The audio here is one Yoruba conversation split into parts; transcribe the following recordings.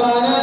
ربنا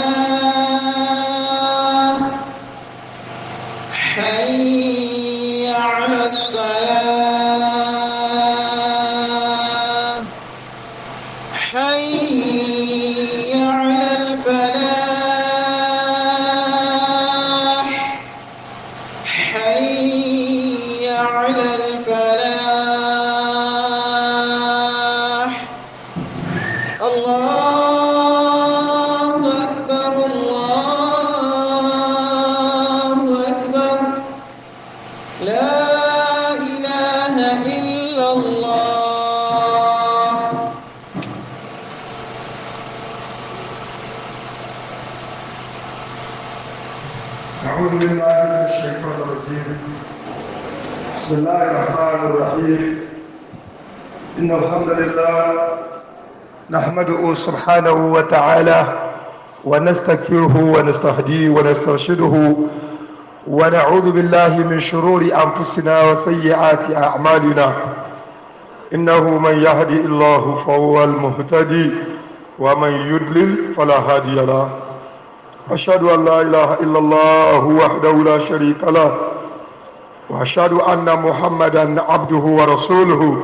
نحمده سبحانه وتعالى ونستكفره ونستهديه ونسترشده ونعوذ بالله من شرور أنفسنا وسيئات أعمالنا إنه من يهدي الله فهو المهتدي ومن يدلل فلا هادي له أشهد أن لا إله إلا الله وحده لا شريك له وأشهد أن محمدا عبده ورسوله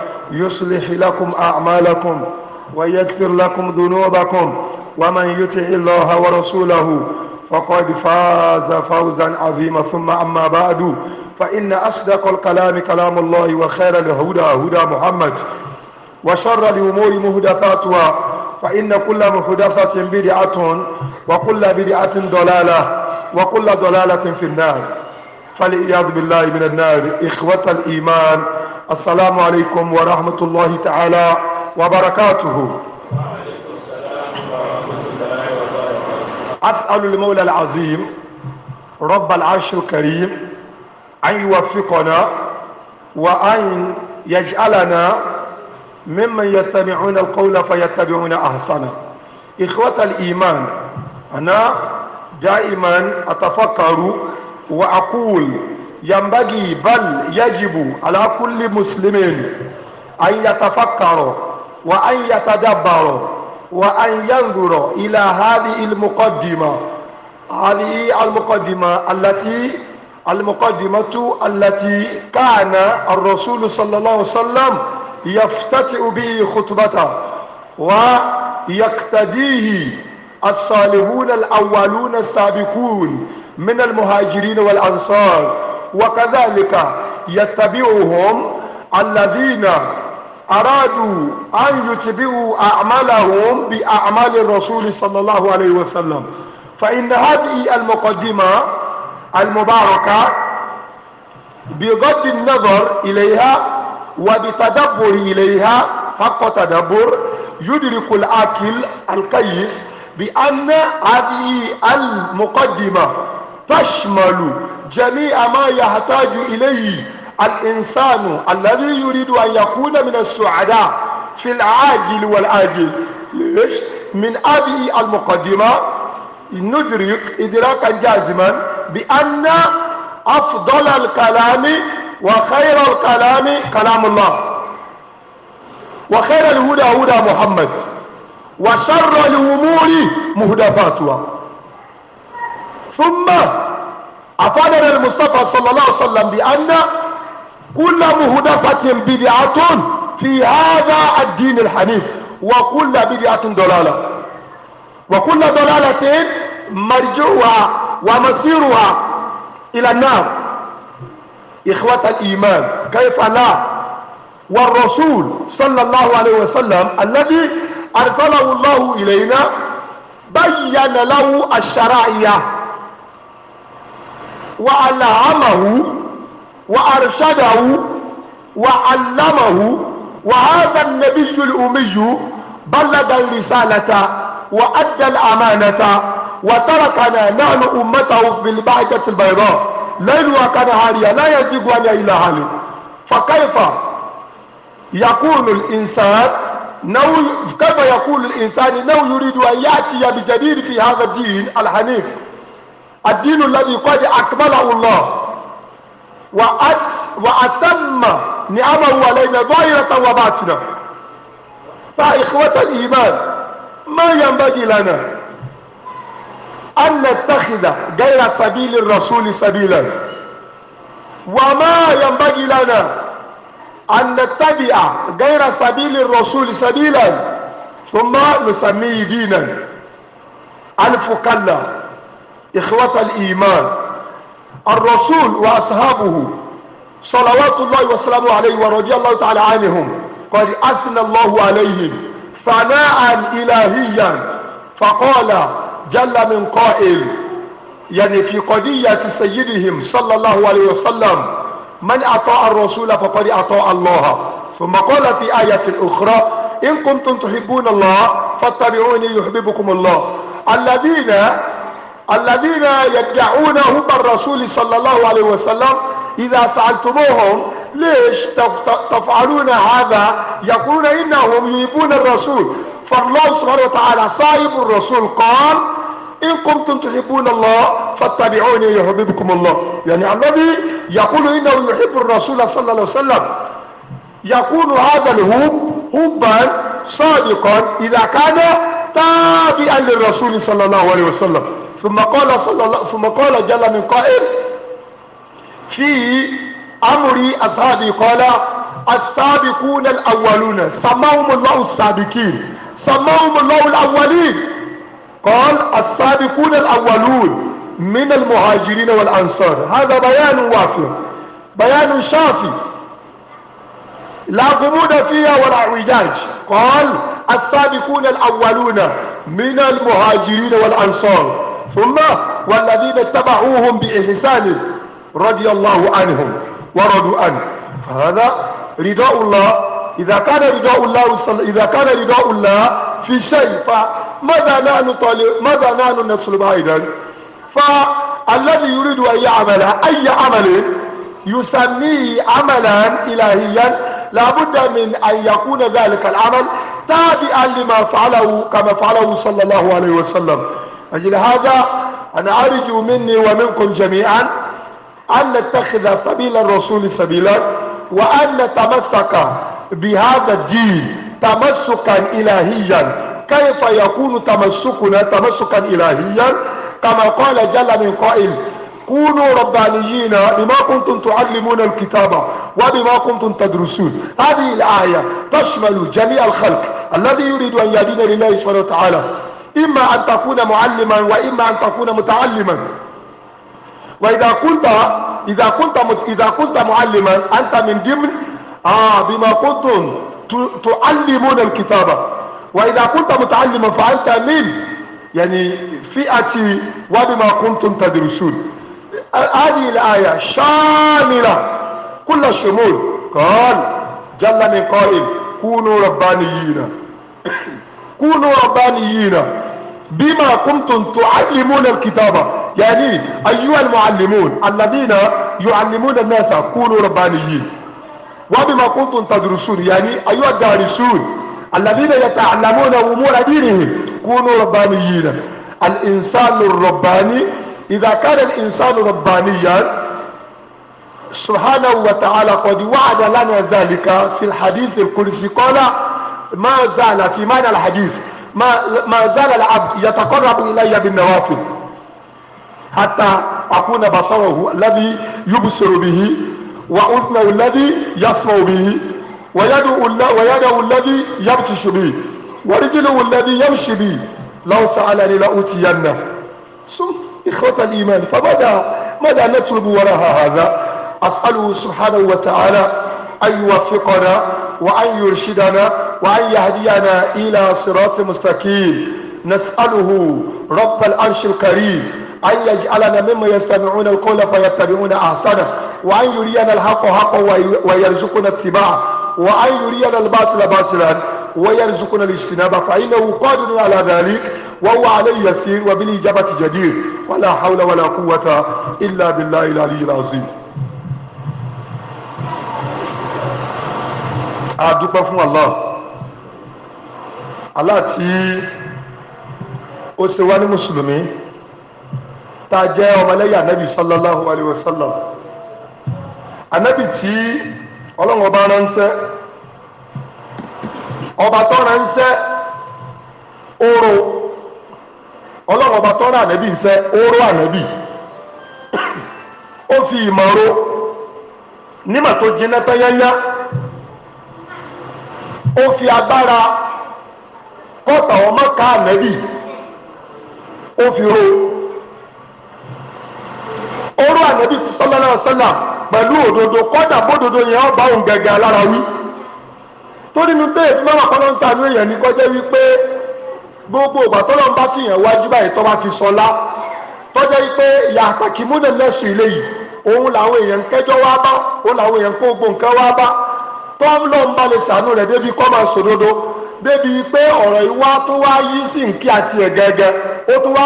يصلح لكم أعمالكم ويغفر لكم ذنوبكم ومن يطع الله ورسوله فقد فاز فوزا عظيما ثم أما بعد فإن أصدق الكلام كلام الله وخير الهدى هدى محمد وشر الأمور مهدفاتها فإن كل مهدفة بدعة وكل بدعة ضلالة وكل ضلالة في النار فلعياذ بالله من النار إخوة الإيمان السلام عليكم ورحمة الله تعالى وبركاته أسأل المولى العظيم رب العرش الكريم أن يوفقنا وأن يجعلنا ممن يستمعون القول فيتبعون أحسنه إخوة الإيمان أنا دائما أتفكر وأقول ينبغي بل يجب على كل مسلم أن يتفكر وأن يتدبر وأن ينظر إلى هذه المقدمة هذه المقدمة التي المقدمة التي كان الرسول صلى الله عليه وسلم يفتتئ به خطبته ويقتديه الصالحون الأولون السابقون من المهاجرين والأنصار وكذلك يتبعهم الذين أرادوا أن يتبعوا أعمالهم بأعمال الرسول صلى الله عليه وسلم فإن هذه المقدمة المباركة بغض النظر إليها وبتدبر إليها حق تدبر يدرك العاقل الكيس بأن هذه المقدمة تشمل جميع ما يحتاج إليه الإنسان الذي يريد أن يكون من السعداء في العاجل والآجل ليش؟ من هذه المقدمة ندرك إدراكا جازما بأن أفضل الكلام وخير الكلام كلام الله وخير الهدى هدى محمد وشر الأمور مهدفاتها ثم أفادنا المصطفى صلى الله عليه وسلم بأن كل مهدفة بدعة في هذا الدين الحنيف وكل بدعة ضلالة وكل ضلالة مرجوها ومصيرها إلى النار إخوة الإيمان كيف لا والرسول صلى الله عليه وسلم الذي أرسله الله إلينا بين له الشرائع وألهمه وأرشده وعلمه وهذا النبي الأمي بلغ الرسالة وأدى الأمانة وتركنا نحن أمته في البعثة البيضاء ليلها كنهارها لا يزيد عنها إلا هالك فكيف يكون الإنسان نو كيف يقول الإنسان أنه يريد أن يأتي بجديد في هذا الدين الحنيف الدين الذي قد أكمله الله وأتم نعمه علينا ظاهرة وباطنة فإخوة الإيمان ما ينبغي لنا أن نتخذ غير سبيل الرسول سبيلا وما ينبغي لنا أن نتبع غير سبيل الرسول سبيلا ثم نسميه دينا ألف كلا إخوة الإيمان الرسول وأصحابه صلوات الله وسلامه عليه ورضي الله تعالى عنهم قد أثنى الله عليهم ثناء إلهيا فقال جل من قائل يعني في قضية سيدهم صلى الله عليه وسلم من أطاع الرسول فقد أطاع الله ثم قال في آية أخرى إن كنتم تحبون الله فاتبعوني يحببكم الله الذين الذين يدعونهم الرسول صلى الله عليه وسلم إذا سألتموهم ليش تفعلون هذا يقولون إنهم يحبون الرسول فالله سبحانه وتعالى صاحب الرسول قال إن كنتم تحبون الله فاتبعوني يحببكم الله يعني الذي يقول إنه يحب الرسول صلى الله عليه وسلم يكون هذا الهب هبا صادقا إذا كان تابعا للرسول صلى الله عليه وسلم ثم قال صلى الله ثم قال جل من قائل في أمر أصحابي قال السابقون الأولون سماهم الله السابقين سماهم الله الأولين قال السابقون الأولون من المهاجرين والأنصار هذا بيان وافي بيان شافي لا غموض فيها ولا اعوجاج قال السابقون الأولون من المهاجرين والأنصار ثم والذين اتبعوهم بإحسان رضي الله عنهم ورضوا عنه هذا رضاء الله إذا كان رضاء الله إذا كان رضاء الله في شيء فماذا نحن طالب ماذا نحن نطلب أيضا فالذي يريد أن يعمل أي عمل يسميه عملا إلهيا لابد من أن يكون ذلك العمل تابعا لما فعله كما فعله صلى الله عليه وسلم أجل هذا أنا أرجو مني ومنكم جميعا أن نتخذ سبيل الرسول سبيلا وأن نتمسك بهذا الدين تمسكا إلهيا كيف يكون تمسكنا تمسكا إلهيا كما قال جل من قائل كونوا ربانيين بما كنتم تعلمون الكتاب وبما كنتم تدرسون هذه الآية تشمل جميع الخلق الذي يريد أن يدين لله سبحانه وتعالى إما أن تكون معلما وإما أن تكون متعلما وإذا كنت إذا كنت إذا كنت معلما أنت من ضمن آه بما كنتم تعلمون الكتابة وإذا كنت متعلما فأنت من يعني فئة وبما كنتم تدرسون هذه الآية شاملة كل الشمول قال جل من قائل كونوا ربانيين كونوا ربانيين بما كنتم تعلمون الكتاب يعني أيها المعلمون الذين يعلمون الناس كونوا ربانيين وبما كنتم تدرسون يعني أيها الدارسون الذين يتعلمون أمور دينهم كونوا ربانيين الإنسان الرباني إذا كان الإنسان ربانيا سبحانه وتعالى قد وعد لنا ذلك في الحديث القدسي قال ما زال في معنى الحديث ما, ما زال العبد يتقرب إلي بالنوافل حتى أكون بصره الذي يبصر به وأذنه الذي يسمع به ويده الذي يبطش به ورجله الذي يمشي به لو سألني لأوتينه إخوة الإيمان فماذا ماذا نطلب وراء هذا أسأله سبحانه وتعالى أن يوفقنا وأن يرشدنا وأن يهدينا إلى صراط مستقيم نسأله رب العرش الكريم أن يجعلنا ممن يستمعون القول فيتبعون أحسنه وأن يرينا الحق حقا ويرزقنا اتباعه وأن يرينا الباطل باطلا ويرزقنا الاجتناب فإنه قادر على ذلك وهو عليه يسير وبالإجابة جدير ولا حول ولا قوة إلا بالله العلي العظيم a dúpẹ́ fún Allah Allah tí ó ṣe wá ní mùsùlùmí tá a jẹ́ ọmọlẹ́yìn anabi sallallahu alayhi wa sallam anabi tí ọlọ́run ọba ránṣẹ́ ọba tó ránṣẹ́ oró ọlọ́run ọba tó rán anabi ńṣẹ́ oró anabi ó fi ìmọ̀ ro nígbà tó jiná tán yányá. ó fi agbára kọ́tà ọmọ ká ó fi ro orú ànẹ́bì sallallahu alaihi wasallam pẹ̀lú òdodo kọ́dà bódodo yẹn ọba òun gẹ̀gẹ̀ alára wí torí mi bẹ́ẹ̀ tí mọ́wàá kọ́nà ń sàánú èèyàn ní kọjá wípé gbogbo ìgbà tọ́lọ́ ń bá fi yàn wájú báyìí tọ́ bá fi sọlá tọ́jọ́ wípé ìyá àtàkì lẹ́sùn ilé tọ́lọ́ bá lè sànú rẹ̀ débi kọ́ máa sòdodo débi pé ọ̀rọ̀ ìwá tó wá yí sí nkí àti ó tó wá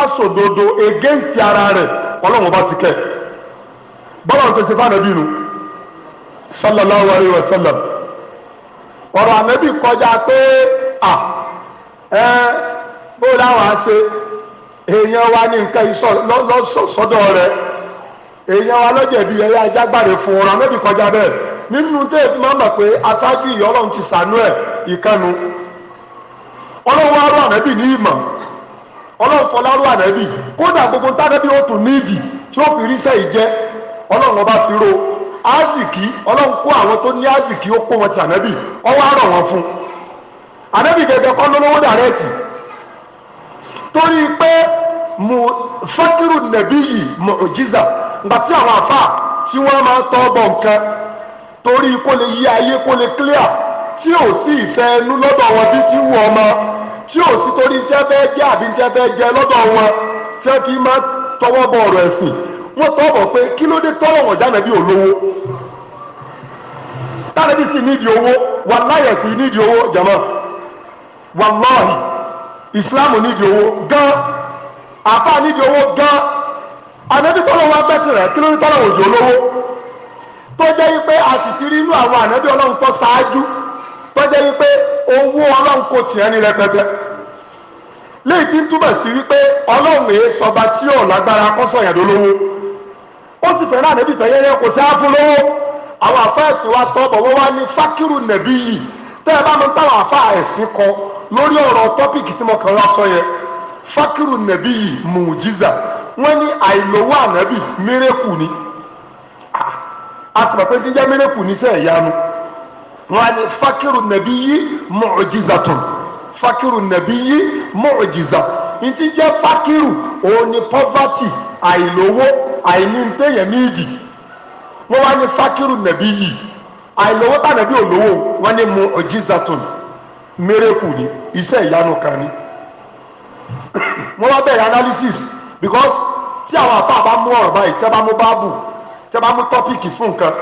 ara rẹ̀ ọlọ́run bá ti kẹ́ bọ́lá tó ṣe fánàbí nu sallallahu alayhi wa sallam ọ̀rọ̀ ànábì kọjá pé à ẹ bó láwọn ṣe èèyàn wa ní nǹkan ìsọ rẹ̀ èèyàn wa lọ́jẹ̀bi ẹ̀yà fún ọ̀rọ̀ ànábì kọjá nínú tó èfi máa ń bà pé aṣáájú ìyá ọlọ́run ti sànú ẹ̀ ìkànnù ọlọ́run arú ànábì ní ìmọ̀ ọlọ́run fọlá arú ànábì kódà gbogbo tánẹ́bí ó tún níìdì tí ó fi ríṣẹ́ ìjẹ́ ọlọ́run ọba fi ro wọn ti ànábì ọwọ́ wọn fún ànábì gẹ́gẹ́ kọ́ mu fakiru nàbí yìí àwọn àfà tí wọ́n máa tọ́ torí kó lè yí ayé kó lè clear tí ò sí ìfẹ́ ẹnu lọ́dọ̀ wọn bí ti wù ọmọ tí ò sí torí tí ẹ fẹ́ jẹ́ àbí tí ẹ fẹ́ jẹ lọ́dọ̀ wọn tí ẹ fi máa tọwọ́ bọ ọ̀rọ̀ ẹ̀sìn wọ́n tọ́ bọ̀ pé kí ló dé tọ́rọ̀ wọ̀n jáde bí olówó tálẹ́bí sì nídìí owó wàláyé sì nídìí owó jàmọ́ wàláhì ìsìláàmù nídìí owó gan àbá nídìí owó gan àdébítọ́lọ́wọ́ abẹ́sẹ̀ rẹ̀ kí ló dé tọ́rọ̀ wọ̀n jẹ́ olówó. tó jẹ́ wípé a sì ti rí inú àwọn ànábì ọlọ́run tó ṣáájú tó jẹ́ wípé owó ọlọ́run kò tiẹ̀ ní rẹpẹpẹ léyìí tí ń túbọ̀ sí wípé ọlọ́run èé sọba tí ò lágbára kọ́sọ̀ yẹn lólówó ó sì fẹ́ràn ànábì kò sí àfún lówó àwọn wa tọ́ bọ̀ ní fákírù yìí tẹ́ ẹ bá mi táwọn àfa ẹ̀sìn lórí ọ̀rọ̀ tọ́pìkì tí mo kàn wá sọ yẹn fákírù yìí mùjíza wọ́n ni. a sì mọ̀ pé jíjẹ́ mẹ́rẹ́kù níṣẹ́ ìyanu wọn á fakiru nàbí yí mu'jizatun fakiru nàbí yí mu'jiza ìtí jẹ́ fakiru òun ni poverty àìlówó àìní ntẹ̀yẹ̀ níyì wọ́n wá ní fakiru nàbí yí àìlówó tá nàbí olówó wọ́n ní mu'jizatun mẹ́rẹ́kù ni iṣẹ́ ìyanu kan ni wọ́n wá bẹ̀rẹ̀ analysis because tí àwọn àpá àbá mú ọ̀rọ̀ báyìí tí wọ́n bá mú báàbù tẹ́ bá mú tọ́pìkì fún nǹkan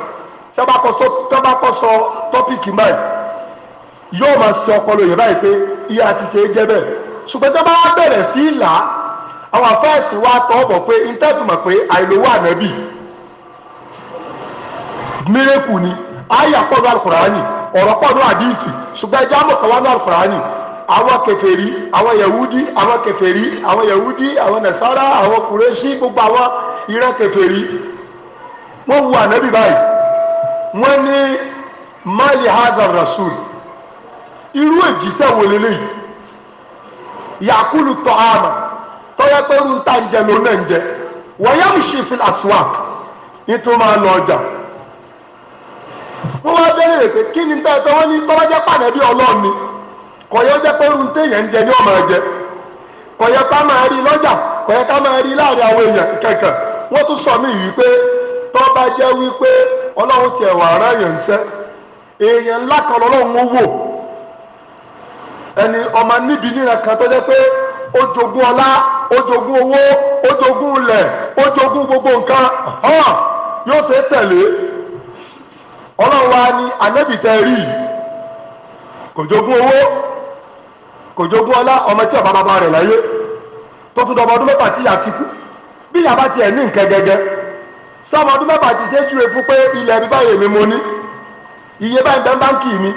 tẹ́ bá kọ́ sọ tọ́pìkì báyìí yóò máa ṣe ọpọlọ yẹn báyìí pé iye àti ṣe é jẹ́ bẹ́ẹ̀ ṣùgbọ́n tẹ́ bá bẹ̀rẹ̀ sí ìlà àwọn afẹ́ẹ̀sì wa tọ́ bọ̀ pé ìtẹ́tùmọ̀ pé àìlówó ànábì mírèkù ni àyà pọ̀lú alukurani ọ̀rọ̀ pọ̀lú àdìsí ṣùgbọ́n ẹja mọ̀ kọ́ wá ní alukurani àwọn kèfèrí àwọn yahudi àwọn kèfèrí àwọn yahudi àwọn nasara àwọn kùrẹ́sì gbogbo àwọn ìran kèfèrí wọ́n wo ànábì báyìí wọ́n ní mali hazar rasul irú èjìṣẹ́ wo yakulu tọ́hámà tọ́yẹ́ ta ń jẹ ló náà ń jẹ wọ́n yá fi àsùwà nítorí máa lọ ọjà wọ́n wá bẹ́ẹ̀ rè pé kí ni bẹ́ẹ̀ tó wọ́n ní tọ́wọ́ jẹ́ pàdánù ọlọ́ọ̀ni kọ̀yọ́ jẹ́ pé irú téèyàn ń jẹ ní ọmọ ẹ̀jẹ̀ kọ̀yọ́ ká máa rí lọ́jà kọ̀yọ́ ká máa rí láàrin àwọn tọba bá jẹ́ wípé ọlọ́run tiẹ̀ wà ráyàn ńṣẹ́ èèyàn ńlá kan lọ́lọ́run wò ẹni ọmọ níbi níra kan tó jẹ́ pé ó jogún ọlá ó jogún owó ó jogún ilẹ̀ ó jogún gbogbo nǹkan yóò ṣe tẹ̀lé ọlọ́run wa ni ànábì rí kò jogún owó kò jogún ọlá ọmọ tí ọba bàbá rẹ̀ ti kú bí sọmọ ọdún mẹ́fà ti ṣe é ṣúre fún pé ilẹ̀ mi báyìí èmi mo ni iye báyìí bẹ́ẹ̀ báńkì mi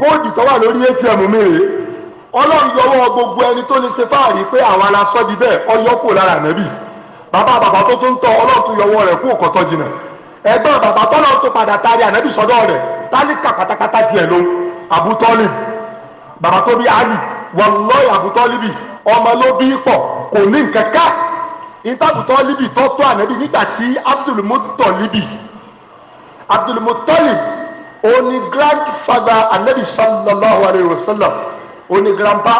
kóòdù tó wà lórí atm mi rèé ọlọ́run yọwọ́ gbogbo ẹni tó lè ṣe fáàrí pé àwọn aláṣọ di ọyọ́ kò lára bàbá bàbá tó tún tọ́ ọlọ́run tún yọwọ́ rẹ̀ kú jìnnà ẹgbẹ́ bàbá padà sọ́dọ̀ rẹ̀ tálíkà pátákátá tiẹ̀ ali àbútọ́lì bì ọmọ ló bí pọ̀ kò ìtàbùtọ́ libi tọ́tọ́ ànábì nígbà tí abdulmutọ́ libi abdulmutọ́lì òní grandfather ànábì sallallahu alayhi wa sallam òní grandpa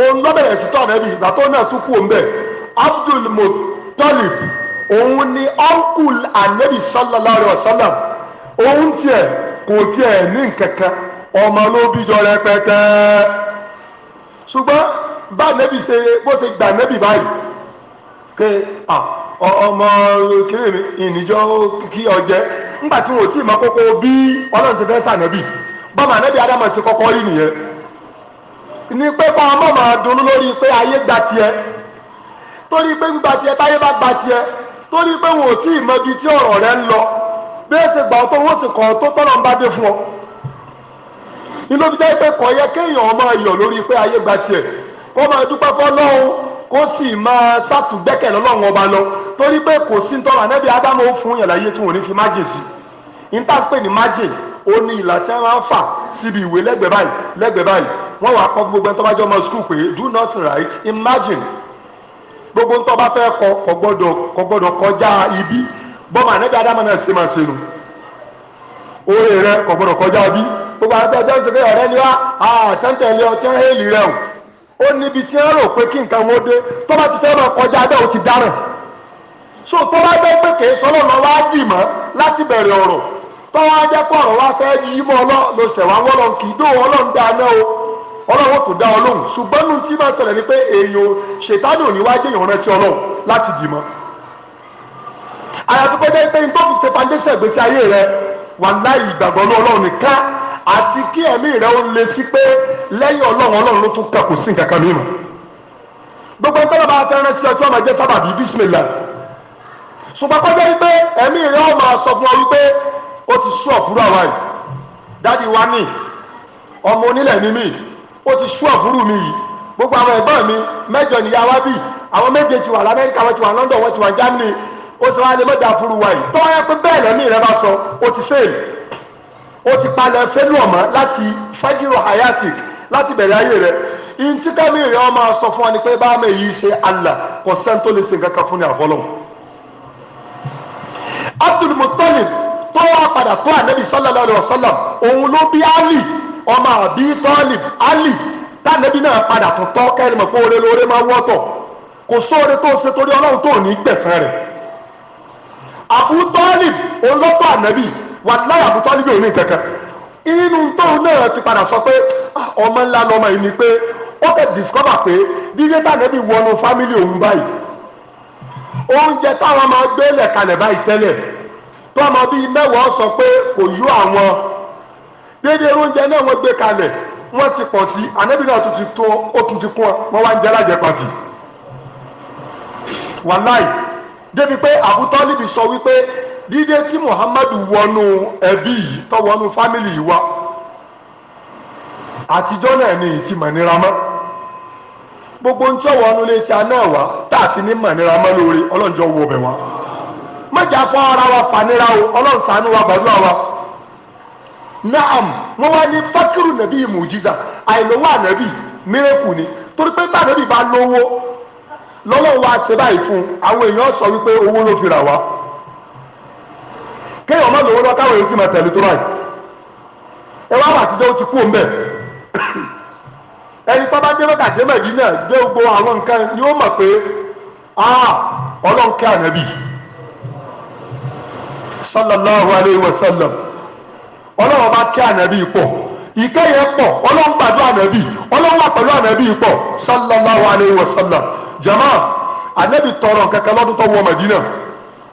òun ló bẹ̀rẹ̀ sí tọ́ ànábì ìgbà tó náà tún kú òun bẹ̀ abdulmutọ́lì òun ni uncle ànábì sallallahu alayhi wa sallam òun tiẹ̀ kò tiẹ̀ ní nkankan ọmọ ló bíjọ rẹpẹtẹ ṣùgbọ́n bá ànábì ṣe bó ṣe gbà ànábì báyìí. pé ọmọ kílè mi ìníjọ́ kí ọjẹ́ ńgbà tí wọn ò tí ì mọ kókó bí ọlọ́run ti fẹ́ sànẹ́bì bọ́mọ kọ́kọ́ nìyẹn ni pé kọ́ ọmọ máa dunnú lórí pé ayé gba tiẹ̀ torí pé ń gba tiẹ̀ táyé bá gba torí pé wọn ò tí ì tí ọ̀rọ̀ rẹ ń lọ ti gbà ọ́ tó wọ́n sì kọ́ tó ń bá dé fún ọ jẹ́ pé kọ́ yẹ kéèyàn kó sì máa sátúgbẹ́kẹ̀ lọ́lọ́run ọba lọ torí pé kò sí tọ́lá nẹ́bí ádámù ó fún yàn iye tí ní fi májè sí i níta pè ní májè ó ní ìlà tí fà síbi ìwé lẹ́gbẹ̀ẹ́ wọ́n wàá gbogbo ẹni tó bá ọmọ do not write imagine gbogbo kọ kọjá ibi bọ́mọ ádámù náà máa rẹ kọjá ibi gbogbo àwọn ó níbi tí wọ́n rò pé kí nǹkan wọn dé tó bá ti fẹ́ ti dáràn so tó bá bẹ́ẹ̀ pé kì í sọ lọ wá dì mọ́ láti bẹ̀rẹ̀ ọ̀rọ̀ tó wá jẹ́ pé ọ̀rọ̀ wá fẹ́ yí mọ́ ọlọ́ ló ṣẹ̀ wọ́n lọ kì í dó ọlọ́run dá o ọlọ́run kò dá ọlọ́run ayé rẹ wà ìgbàgbọ́ ọlọ́run nìkan àti kí ẹ̀mí rẹ ó le sí pé lẹ́yìn ọlọ́run ọlọ́run ló tún kà kò sí nǹkan kan mímọ́ gbogbo ẹgbẹ́ bá fẹ́ràn sí ọtí ọmọ ẹgbẹ́ sábà bíi bísímìlà ṣùgbọ́n pẹ́ bẹ́ẹ̀ pé ẹ̀mí rẹ̀ ọ̀ máa sọ fún ọ wípé ó ti sú ọ̀fúrú àwa yìí dáàdi wa ní ọmọ onílẹ̀ ní mí ó ti sú ọ̀fúrú mi yìí gbogbo àwọn ẹ̀gbọ́n mi mẹ́jọ nìyá wa bì àwọn méje ti wà lamẹ́ríkà wọ́n ti wà London wọ́n ti wà Germany ó ti wá lè mọ́jà fúru wa yìí tọ́wọ́ yẹ pé bẹ́ẹ̀ lẹ́mí rẹ bá sọ ó ti fẹ́ẹ̀lì ó ti palẹ̀ fẹ́lú ọ̀mọ́ láti fájìrò hayatik láti bẹ̀rẹ̀ ayé rẹ̀ ntí kámi rẹ̀ ọ máa sọ fún wa ni pé bá mi yìí ṣe Allah kò sẹ́ni tó lè ṣe nǹkan kan fún ní àfọlọ́ Abdul tó wá padà tó ànábì sallallahu alayhi wa òun ló bí Ali ọmọ àbí Talib Ali tánàbí náà padà tó tọ́ kẹ́rin mọ̀ pé oore lóore máa wọ́tọ̀ kò sóore tó ṣe torí ọlọ́run tó ní gbẹ̀sán rẹ̀ Abu Talib òun ló tó ànábì wàláyà Abu òun ní kankan inú tóun náà ti padà sọ pé ah, ọmọ ńlá lọmọ yìí ni pé ó fẹ́ discover pé dídé tàbí wọnú fámìlì òun báyìí oúnjẹ táwọn máa gbé lẹ̀kalẹ̀ báyìí tẹ́lẹ̀ tó ọmọ bíi mẹ́wàá sọ pé kò yó àwọn dédé oúnjẹ náà wọ́n gbé kalẹ̀ wọ́n ti pọ̀ sí ànábì náà tún ti tó ó tún ti kún ọ wọ́n wá ń jẹ́ alájẹpàtì wàláì débi pé àbútọ́ níbi sọ wípé dídé tí muhammadu wọnú ẹbí yìí tó wọnú fámìlì yìí wá àtijọ́ náà ni ìtì mọ̀nira mọ́ gbogbo ntí ọwọ́ ọ̀nù lè ti aná wa tá a ti ní mọ̀nira mọ́ lórí ọlọ́njọ́ wo ọbẹ̀ wa mọ̀jà fọ́ ara wa fanira o ọlọ́run ṣàánú wa gbàdúrà wa naam wọ́n wá ní fakiru nàbí mùjíza àìlówó ànábì mírèkù ni torí pé bá ànábì bá lówó lọ́lọ́run wa ṣe báyìí fún àwọn èèyàn sọ wípé owó ló fi rà wá. kéèyàn má lówó lọ káwọn èsì máa tẹ̀lé tó báyìí ẹ wá wà àtijọ́ ó ti kú òǹbẹ̀ ẹni tó bá dé mẹ́ta dé mẹ́rin náà dé gbogbo àwọn nǹkan ni ó mọ̀ pé ọlọ́nkẹ́ ànábì sallallahu alayhi wa sallam ọlọ́run bá kẹ́ ànábì pọ̀ ìkẹ́ yẹn pọ̀ ọlọ́run gbàdúrà ànábì ọlọ́run wà pẹ̀lú ànábì pọ̀ sallallahu alayhi wa sallam jama ànábì tọrọ nǹkan kan lọ́dún tó wọ Mẹdínà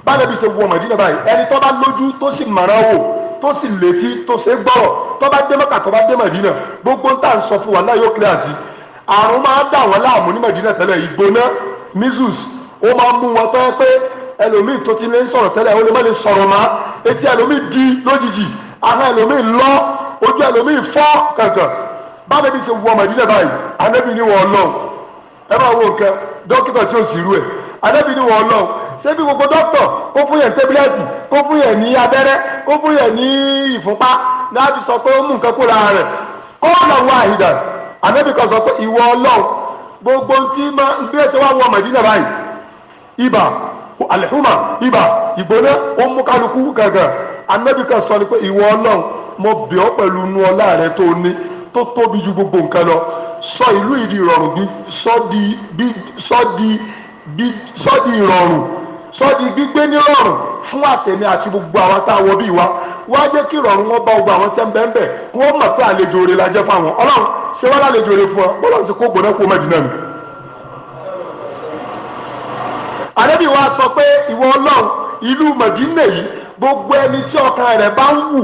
báyìí bí ṣe wọ mọ̀dínà báyìí ẹni tó bá lójú tó sì mọ̀ràn wò tó sì létí tó ṣe gbọ́rọ̀ tó bá dé mọ́kà tó bá dé mọ̀dínà gbogbo ń tà ń sọ fún wa náà yóò clear sí àrùn máa ń dà wọ́n láàmú ní mọ̀dínà tẹ́lẹ̀ ìgbóná measles ó máa ń mú wọn tọ́ pé ẹlòmíì tó ti lé ń sọ̀rọ̀ tẹ́lẹ̀ ó lè má lè sọ̀rọ̀ mọ́ etí ẹlòmíì di lójijì ahọ́n ẹlòmíì lọ ojú ẹlòmíì fọ́ kankan báwo ni ṣe wọ mọ̀dínà báyìí anábì ni wọ́n lọ ẹ bá wo nǹkan dókítà tí ó sì rú ẹ̀ anábì ni wọ́n ṣé gbogbo dókítọ̀ kó fún yẹn tẹ́bílẹ́tì kó fún yẹn ní abẹ́rẹ́ kó fún yẹn ní ìfúnpá láti sọ pé ó mú nǹkan kó lára rẹ̀ kó lọ wá àyídà gbogbo ń ma bí ẹ ṣe wá wọ báyìí ibà ibà ìgbóná ó mú kálukú gàgà ni pé ìwọ ọlọ́run mo bẹ̀ ọ́ pẹ̀lú inú ọlá rẹ tó ní tó tóbi sọ ìlú ìdí ìrọ̀rùn bí sọ di bí sọ sọ́ọ́dì gbígbé ní rọrùn fún àtẹ̀mí àti gbogbo àwọn tá a wọ bí wa wá jẹ́ kí ìrọ̀rùn wọn bá gbogbo àwọn tẹ́ ń bẹ́ẹ̀ bẹ́ẹ̀ kí wọ́n mọ̀ pé àlejò rẹ̀ la jẹ́ fáwọn ọlọ́run ṣé wọ́n lálejò rẹ̀ fún ọ bọ́lọ́run ti kó gbóná kó mẹ́dínà mi. àdébí wa sọ pé ìwọ ọlọ́run ìlú mẹ̀dínà yìí gbogbo ẹni tí ọkàn rẹ̀ bá ń wù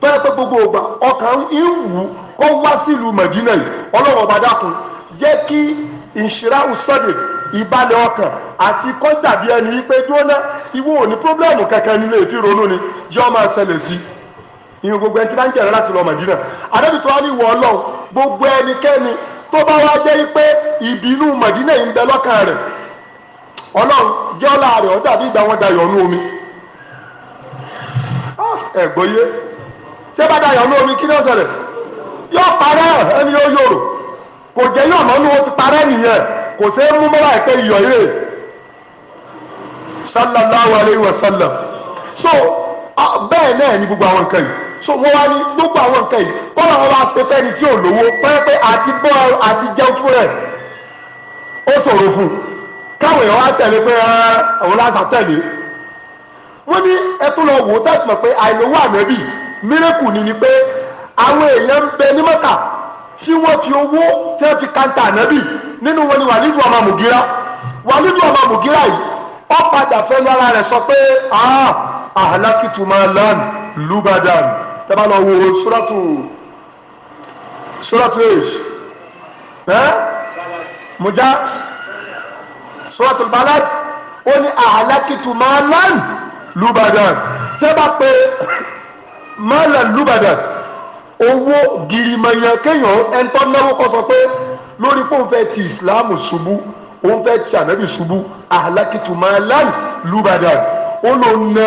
tọ́lẹ́ pé gbogbo ògbà ọkàn ń wù kó wá sílùú mẹ̀dínà yìí ọlọ́run ọba dákun jẹ́ kí ìṣirà ìbalẹ̀ ọkàn àti kọ́ńtàbí ẹni wípé dúró náà ìwọ ò ní pírọ́blẹ́mù kankan nílé ètí ronú ni yọ máa ṣẹlẹ̀ sí i ìhun gbogbo ẹni tí bá ń jẹ̀rẹ̀ láti lọ Mádínà àdébìtì wa ní ìwọ ọlọ́run gbogbo ẹnikẹ́ni tó bá wá jẹ́ wípé ìbínú Mádínà yìí ń bẹ lọ́kàn rẹ̀ ọlọ́run jẹ́ ọlá rẹ̀ ó dàbí ìgbà wọn dayọ̀ nú omi ah, ẹ̀gbọ́yé ṣé bá dayọ̀ nú omi kí ni ó ṣẹlẹ̀ yóò parẹ́ ẹni yóò yòrò kò jẹ́ yóò mọ́ o ti parẹ́ nìyẹn kò sí mú bọ́lá ìpè iyọ̀ ire sallallahu alayhi wa sallam so bẹ́ẹ̀ náà ni gbogbo àwọn nǹkan yìí so wọ́n wá ní gbogbo àwọn nǹkan yìí kọ́lá wọn wá ṣe fẹ́ni tí ò lówó pẹ́ẹ́pẹ́ àti bọ́ àti jẹun fún rẹ̀ ó ṣòro fún un káwọn èèyàn wá tẹ̀lé pé àwọn lásà tẹ̀lé wọ́n ní ẹ tún lọ wò ó tẹ̀sí mọ̀ pé àìlówó àmẹ́bí mírèkù ni ni pé àwọn èèyàn ń bẹ ní mọ́tà tí wọ́n fi owó tí fi kanta ànábì nínú wọn ni wàlídù ọmọ mùgírà wàlídù ọmọ mùgírà yìí ó padà fẹ́ lára rẹ̀ sọ pé àhàlákìtù máa lan lùbàdàn tẹ́bà lọ wo sóràtù sóràtù ẹ̀ mujá sóràtù balad ó ní àhàlákìtù máa lan lùbàdàn tẹ́bà pé máa lan lùbàdàn owó gìrìmọ̀yàn kéèyàn ẹ̀ńtọ́ náwó kọ́ sọ pé lórí pé òun fẹ́ ti ìsìláàmù ṣubú òun fẹ́ ti ànábì ṣubú àlákìtù máa lùbàdàn ó lò na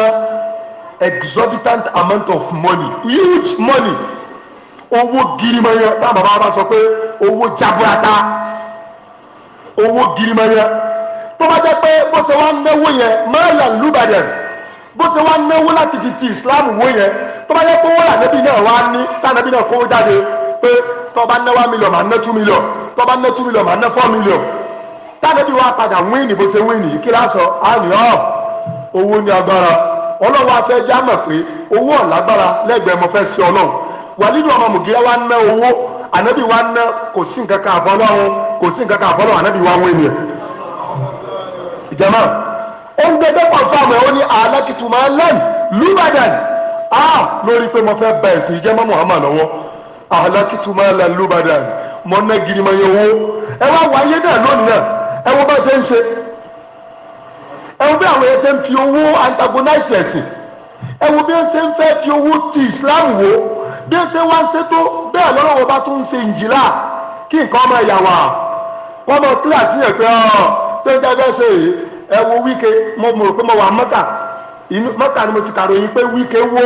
exorbitant amount of money huge money owó girimanya táwọn bàbá wa sọ pé owó jaburata owó girimanya tó bá jẹ́ pé bó ṣe wá náwó yẹn máa lán lùbàdàn bó ṣe wá náwó láti fi ti ìsìláàmù wó yẹn tó bá jẹ́ pé wọ́n là nẹ́bí náà wá ní tànàbí náà kó jáde pé tó náwó mílíọ̀nù àná tú mílíọ̀nù. tó bá ná two million máa ná four million padà wíìn ní bó ṣe wíìn yìí kí lásọ àníọ́ owó ní agbára ọlọ́run afẹ́ já mọ̀ pé owó ọ̀lágbára lẹ́gbẹ̀ẹ́ mo fẹ́ ọlọ́run ọmọ mùgíyá wa ná owó ànábì wa ná kò sí nǹkan kan àfọlọ́run kò sí nǹkan kan àfọlọ́run ànábì wa yẹn. pọ̀ fún ẹ̀ ó ní lẹ́nu lùbàdàn á lórí pé mo fẹ́ bẹ̀ẹ̀ sí ìjẹ́mọ́ muhammad lọ́wọ́ mọ ná girimanya owó ẹ wá wọ ayé náà lónìí náà ẹ wọ bá ṣe ń ṣe ẹ wọ bí àwọn ẹsẹ ń fi owó antagonize ẹsìn ẹ wọ bí ẹsẹ ń fẹ́ fi owó ti Islam wo bí ẹsẹ wá ń ṣe tó bẹ́ẹ̀ lọ́lọ́wọ́ bá tún ń ṣe ìjìlá kí nǹkan ọmọ ẹ̀yà wà wọ́n mọ kíláàsì yẹn pé ọ ṣé ń tẹ́ ṣe yìí ẹ wo wíkẹ́ mo mọ̀ pé mo wà mọ́tà mọ́tà ni mo ti kàròyìn pé wíkẹ́ wó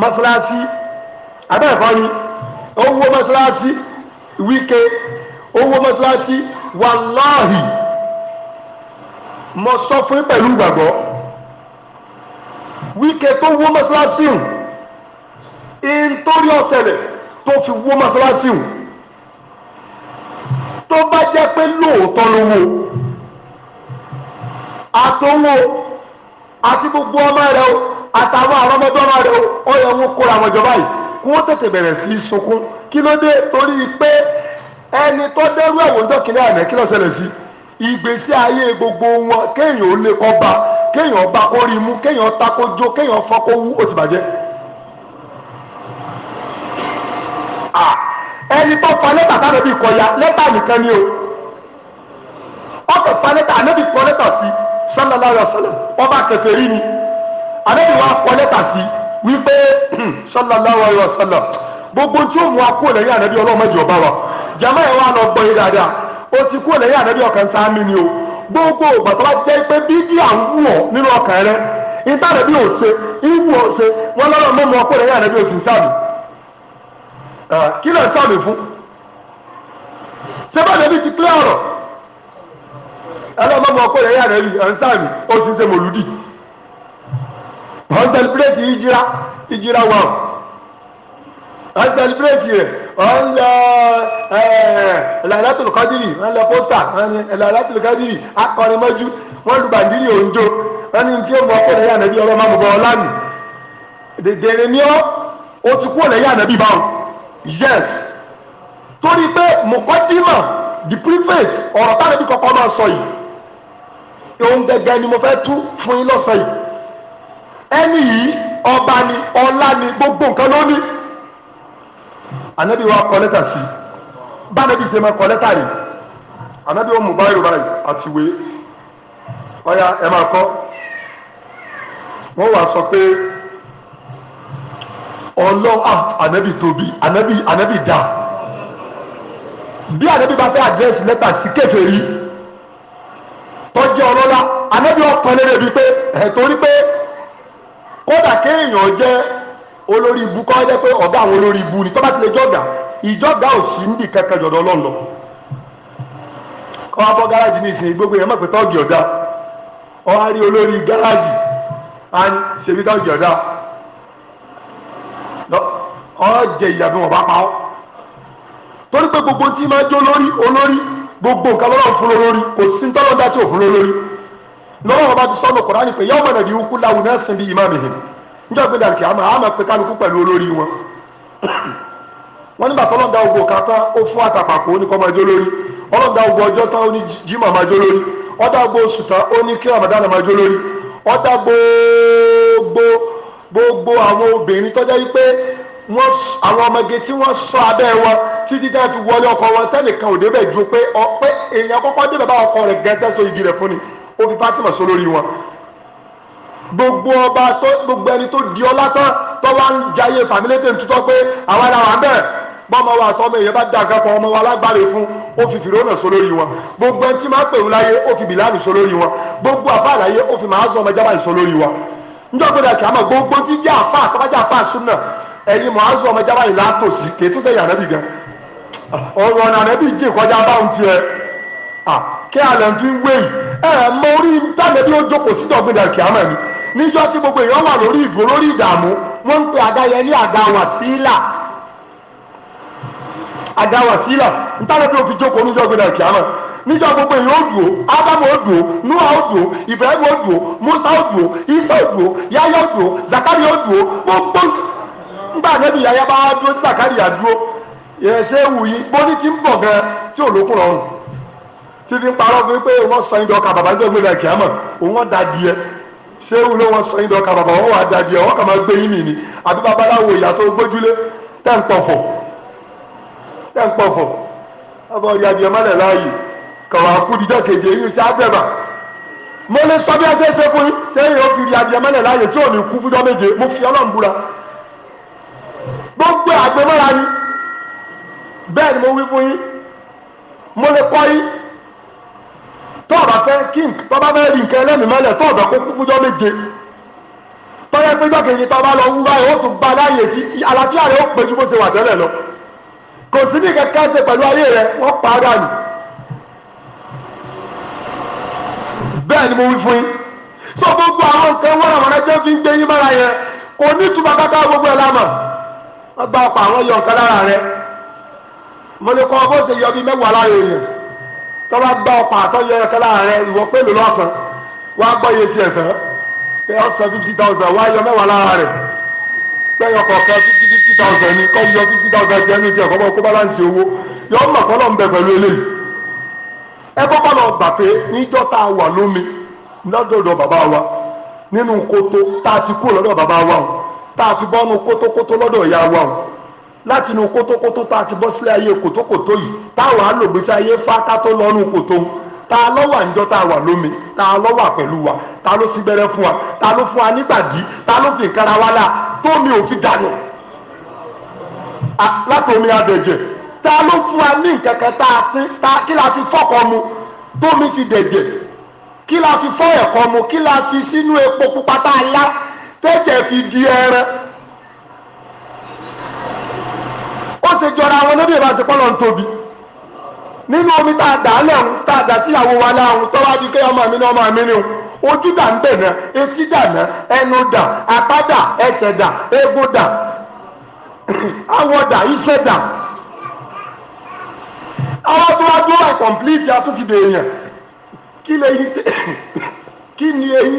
mọ́ṣáláṣí abẹ́ẹ̀kọ́ ni ó wó mọ́ṣáláṣí wíkẹ́ owó mọ́ṣáláṣí wàláhì mo sọ fún pẹ̀lú ìgbàgbọ́ wíkẹ́ tó wó mọ́ṣáláṣí hù nítorí ọ̀sẹ̀lẹ̀ tó fi wó mọ́ṣáláṣí hù tó bá jẹ́ pé lóòótọ́ ló wó àtòwò àti gbogbo ọmọ rẹ o àtàwọn àwọn ọmọdé ọmọ rẹ o ọyọ wọn kóra àwọn ìjọba yìí kí wọ́n tètè bẹ̀rẹ̀ sí í sunkún kí ló dé torí pé ẹni tó dẹ́rú ẹ̀wọ̀n ọjọ́ kìnìún àná kí ló ṣẹlẹ̀ sí ìgbésí ayé gbogbo wọn kéèyàn ó lè kọ́ ba kéèyàn bá kó rí mú kéèyàn ta jó kéèyàn fọ́ wú ó ti bàjẹ́. ẹni tó fa lẹ́tà sáré bíi lẹ́tà nìkan ni o ọkọ̀ fa lẹ́tà ànábì kọ lẹ́tà sí sallallahu alaihi wasallam ọba kẹfẹ́ rí ni ànábì wa kọ lẹ́tà sí wípé sallallahu alaihi wasallam gbogbo tí ó mú wa kúrò lẹ́yìn ànábì ọlọ́run mẹ́jọ bá wa jama ẹ̀ wá lọ gbọ́ yé dáadáa ó ti kúrò lẹ́yìn ànábì ọkàn sáámi ni o gbogbo ìgbà tó bá ti jẹ́ pé bíjì à ń wù ọ́ nínú ọkàn rẹ ìta ànábì ò ṣe ìwù ò ṣe wọn lọ́rọ̀ mọ́ mu ọ kúrò lẹ́yìn ànábì ò sì sáàmì kí lè sáàmì fún ṣé bá ànábì ti clear ọ̀rọ̀ ẹlọ́mọ́ mu ọ kúrò lẹ́yìn ànábì ò ń sáàmì ó sì ṣe mòlúdì ọ̀n tẹlifírétì ìjìra ìjìra wà ó à ń sẹlifireti rẹ̀ ọ̀ ń lọ ẹ̀ẹ́dẹ̀lẹ́tòlù kọ́dìrì ń lọ pósítà ẹ̀ẹ́dẹ̀lẹ́tòlù kọ́dìrì akọrin mọ́jú wọ́n lu bàndírì òǹjọ wọ́n ní tí ó mọ ọkọ̀ lẹ́yìn ànábì ọlọ́mọ àbùbọ̀ ọ̀lànà dèdèrè ni ó o ti kú lẹ́yìn ànábì báwọn yes torí pé mọ̀kọ́dìmà the preface ọ̀rọ̀ tánàbí kọ́kọ́ máa sọ yìí òun gẹ́gẹ́ ni mo fẹ́ tú fún yín lọ́sàn yìí ẹni yìí ọba ni ọlá ni gbogbo nǹkan ló anabi wa kọ lẹ́tà sí bá anabi ṣe máa kọ lẹ́tà rẹ̀ anabi wa mú báyìí báyìí àti wèé ọ̀ya ẹ máa kọ́ wọ́n wàá sọ pé ọlọ́wà anabi ah, tóbi anabi anabi dá bí anabi bá fẹ́ àdírẹ́sì lẹ́tà sí kèfèrí tọ́jú ọlọ́lá anabi ọ̀pọ̀ lẹ́rẹ̀ẹ́ bíi pé ẹ̀ torí pé kódà kéèyàn jẹ́ olórí ibu kọ́ jẹ́ pé ọ̀gá àwọn olórí ibu ni tọ́ba ti lè jọ̀gà ìjọ̀gà ò sí níbi kankan jọ̀dọ̀ ọlọ́run lọ. kọ́wá bọ́ gáràjì ní ìsìn gbogbo èèyàn mọ̀ pé tọ́ọ̀gì ọ̀dà ọ̀há rí olórí gáràjì á ń ṣèbí tọ́ọ̀gì ọ̀dà ọ̀jẹ̀ ìyàgbọ́n ọ̀bá pa ọ́ torí pé gbogbo tí máa jó lórí olórí gbogbo nǹkan lọ́wọ́ fún olórí kò sí níjọ́ pé dàrúkì a àmọ́ a kálukú pẹ̀lú olórí wọn wọ́n nígbà tọ́lọ́ da ogun kan tán ó fún àtàpàpọ̀ ó ní kọ́ máa jó lórí ọlọ́run ogun ọjọ́ tán ó ní jimá máa jó lórí ọ̀dà gbogbo oṣù tán ó ní kí máa jó lórí ọ̀dà gbogbo gbogbo àwọn obìnrin tọ́jà yìí pé wọ́n àwọn ọmọge tí wọ́n sọ abẹ́ wọn títí a fi wọlé ọkọ wọn sẹ́nìkan ò débẹ̀ ju pé ọ̀pẹ èèyàn kọ́kọ́ débẹ̀ bá ọkọ rẹ̀ gẹ́gẹ́ sọ igi rẹ̀ fún ni ó fi gbogbo ọba gbogbo ẹni tó di ọlá tán tó wá ń jayé fàmílétè tutọ́ pé àwọn ará wa bẹ́ẹ̀ bọ́mọ wa sọmọ èèyàn bá dá nǹkan kan ọmọ wa lágbára fún ó fi fìrò náà so lórí wọn gbogbo ẹni tí máa pè wọ́n láyé ó fi bìláàlù so lórí wọn gbogbo àfa àlàyé ó fi màá sọ ọmọ jábàlì so lórí wọn níjọ́ gbọ́dọ̀ kí a mọ̀ gbogbo tí jẹ́ àfa àtọ́kájà àfa súnà ẹ̀yin màá sọ ọmọ jábàlì látòsí kì í tún sẹ́yìn ànábì gan ọ̀rọ̀ ọ̀nà ànábì jì kọjá báwọn tiẹ̀ kí àlẹ́ fi ń wéyìí ẹ̀ mọ orí tábìlì ó sí níjọ́ tí gbogbo èèyàn wà lórí ìgò lórí ìdààmú wọ́n ń pe àdáyẹ ní àdáwàsílà àdáwàsílà ntàlẹ́bí òfin jókòó níjọ́ gbẹdẹ̀ kíámà níjọ́ gbogbo èèyàn ó dùn ó ádámù ó dùn ó núà ó dùn ó ibrahim ó dùn ó musa ó dùn ó isa ó dùn ó yáyá ó dùn ó zakari ó dùn ó gbogbo ńgbà nẹ́bí yáyá bá dúró tí zakari yà dúró ìrẹsẹ̀ wù yí bóní ti ń bọ̀ gan tí ò lókun rọrùn títí parọ́ fún pé wọ́n sọ ìdọ̀ka bàbá níjọ́ gbẹdẹ̀ kíámà òun wọ́n da díẹ̀ ṣéwù ló wọn sọ yín bàbá wọn wà dàbí ẹ̀ wọ́n kà máa gbé yín nìyí àbí babaláwo ìyá gbójúlé tẹ́ǹpọ̀fọ̀ tẹ́ǹpọ̀fọ̀ ọbọ̀ ìyàbí ẹ̀ mọ́lẹ̀ láàyè kọ̀wá kúdìjọ́ kejì eyín sí abẹ́bà mo lè sọ bí a ṣe ṣe yín sẹ́yìn ó fi ìyàbí ẹ̀ mọ́lẹ̀ láàyè tí ò ní kú fúnjọ́ méje mo fi ọlọ́run gbogbo àgbẹ̀mọ́ra ni bẹ́ẹ̀ ni mo wí fún yín mo lè kọ́ yín tọ́ọ̀bà fẹ́ king tọ́ba fẹ́ rí nǹkan ẹlẹ́mìí mọ́lẹ̀ tọ́ọ̀bà kó kú fúnjọ́ méje tọ́yẹ pé gbàgede tọ́ba lọ wú báyìí ó tún gba láàyè sí àlàáfíà rẹ̀ ó pè ju bó ṣe wà tẹ́lẹ̀ lọ kò sí ní kẹ́kẹ́ ṣe pẹ̀lú ayé rẹ̀ wọ́n pa á dànù bẹ́ẹ̀ ni mo wí fún yín sọ gbogbo àwọn nǹkan wọ́n àwọn ẹgbẹ́ fi ń gbé yín mọ́ra yẹn kò ní túmọ̀ kátà gbogbo ẹ̀ lámà wọ́n gba ọ̀pọ̀ àwọn yọ̀ǹkan lára rẹ̀ mo lè kọ́ bó ṣe yọ bí mẹ́wàá lára èèyàn tọ́ba gbọ́ ọ̀pá atọ ẹ̀kẹ́ láàrin ìwọ pé lò lọ́sàn wàá gbọ́ iye tiẹ̀ pé fifty thousand yọ mẹ́wàá láàrẹ rẹ̀ pẹ́yọ kọ̀ọ̀kan fifty fifty thousand ni kọ́ yọ fifty thousand jẹ́ owó yọ ọmọ pẹ̀lú eléyìí ẹ lọ gbà pé níjọ́ tá a wà lómi lọ́dọ̀dọ̀ bàbá wa nínú kótó tá a ti kú lọ́dọ̀ bàbá wa tá a ti bọ́ nu kótókótó lọ́dọ̀ ìyá wa o láti inú kótókótó tá a ti bọ́ sílé ayé kòtókòtó yìí táwa á lò gbèsè ayé fáká tó lọ́nu kòtó ta ló wà tá a wà lómi ta ló wà pẹ̀lú wa ta ló sí gbẹrẹ fún wa ta ló fún wa nígbàdí ta ló fi nǹkan ra wa la tómi ò fi dànù láti omi adẹ̀jẹ̀ ta ló fún wa ní nǹkan tá a sí ta kí la fi fọ́kọ mu tómi fi dẹ̀jẹ̀ kí la fi fọ́ ẹ̀kọ mu kí la fi sínú epo pupa tá a lá tẹ́jẹ̀ fi di ẹran ó ṣe jọra wọn níbi ìbáṣe pọ́lọ̀ ń tóbi nínú omi tá a dà á lẹ́hùn tá a dà síyàwó wa láhùn tọ́wá di kéèyàn máa mi ní ọmọ mi ní o ojú dà ń bẹ̀ náà etí dà náà ẹnu dà apá dà ẹsẹ̀ dà egun dà awọ dà iṣẹ́ dà àwọn tó wá dúró àìkọ̀m̀plíìtì àtúntìdè èèyàn kí lè yí sí kí ni eyín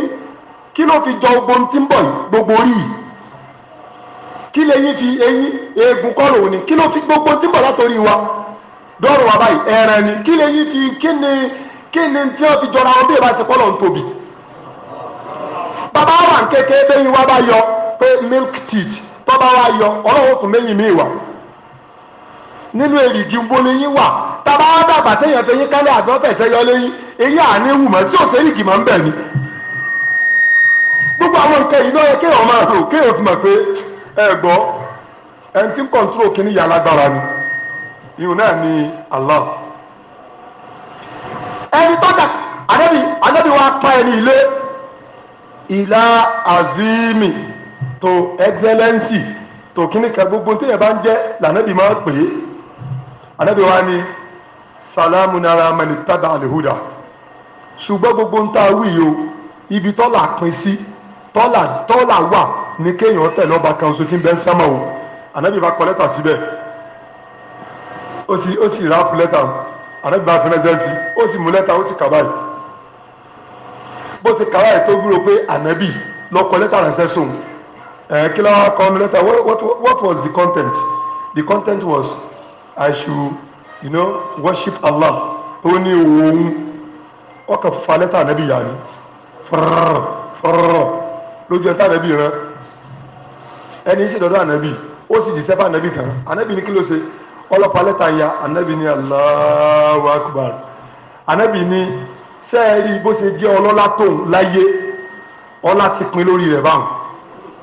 kí ló fi jọ ogun tí ń bọ̀ yìí gbogbo orí yìí. kí lẹ́yìn fi eyín eegun kọ́rùn òní kí ló fi gbogbo tí bọ̀ látòrí wa dọ́rùn wa báyìí ẹ̀rẹ̀ ni kí lẹ́yìn fi kí ni tí wọ́n fi jọra wọn bí ìbá ti kọ́lọ̀ ń tóbi. bàbá wa kékeré bẹ́yìn wa bá yọ pé milk teeth tó wa yọ ọlọ́wọ́ tún mi wà nínú èrìgì ń bolo yín wà dàgbà téèyàn fẹ́ yín kálẹ̀ wọ́n fẹ̀sẹ̀ yọ mọ́ tí ẹ gbọ́ ẹni tí ń kọ̀ǹtúrò kínní yà lágbára ni ìhùn náà ni Allah ẹni tó dà anábì anábì wa pa ẹni ilé ìlà azimi to excellency to kínní kan gbogbo tí yẹn bá ń jẹ́ lànàbì máa pè é anábì wa ni salamu nara mẹni tábà àlehuda ṣùgbọ́n gbogbo ń ta wíyí o ibi tó là pín sí. Si tọ́là tọ́là wà ní kéèyàn tẹ̀lé ọba kan oṣù tí ń bẹ ń sámà o ànábì bá kọ lẹ́tà síbẹ̀ ó sì ó sì ráàpù lẹ́tà ànábì bá fẹ́rẹ́ sẹ́sì ó sì mú lẹ́tà ó sì kàbá bó ti kàbá tó gbúrò pé ànábì lọ kọ lẹ́tà ránṣẹ́ sóun ẹ̀ kí lọ́wọ́ kọ́ ọ́nù lẹ́tà what was the content the content was I should you know worship Allah ó ní òun ọkàn fa lẹ́tà ànábì yà fọ́rọ́rọ́ fọ́rọ́rọ́ lójú ẹ̀ tànàbí rán ẹni ṣèdọ́dọ́ ànábì ó sì jì sẹ́fà ànábì tán ànábì ní kí ló ṣe ọlọ́pàá lẹ́tà ya ànábì ní Allahu Akbar ànábì ní sẹ́ẹ̀rí bó ṣe jẹ́ ọlọ́lá tóun láyé ọlá ti pin lórí rẹ̀ báwọn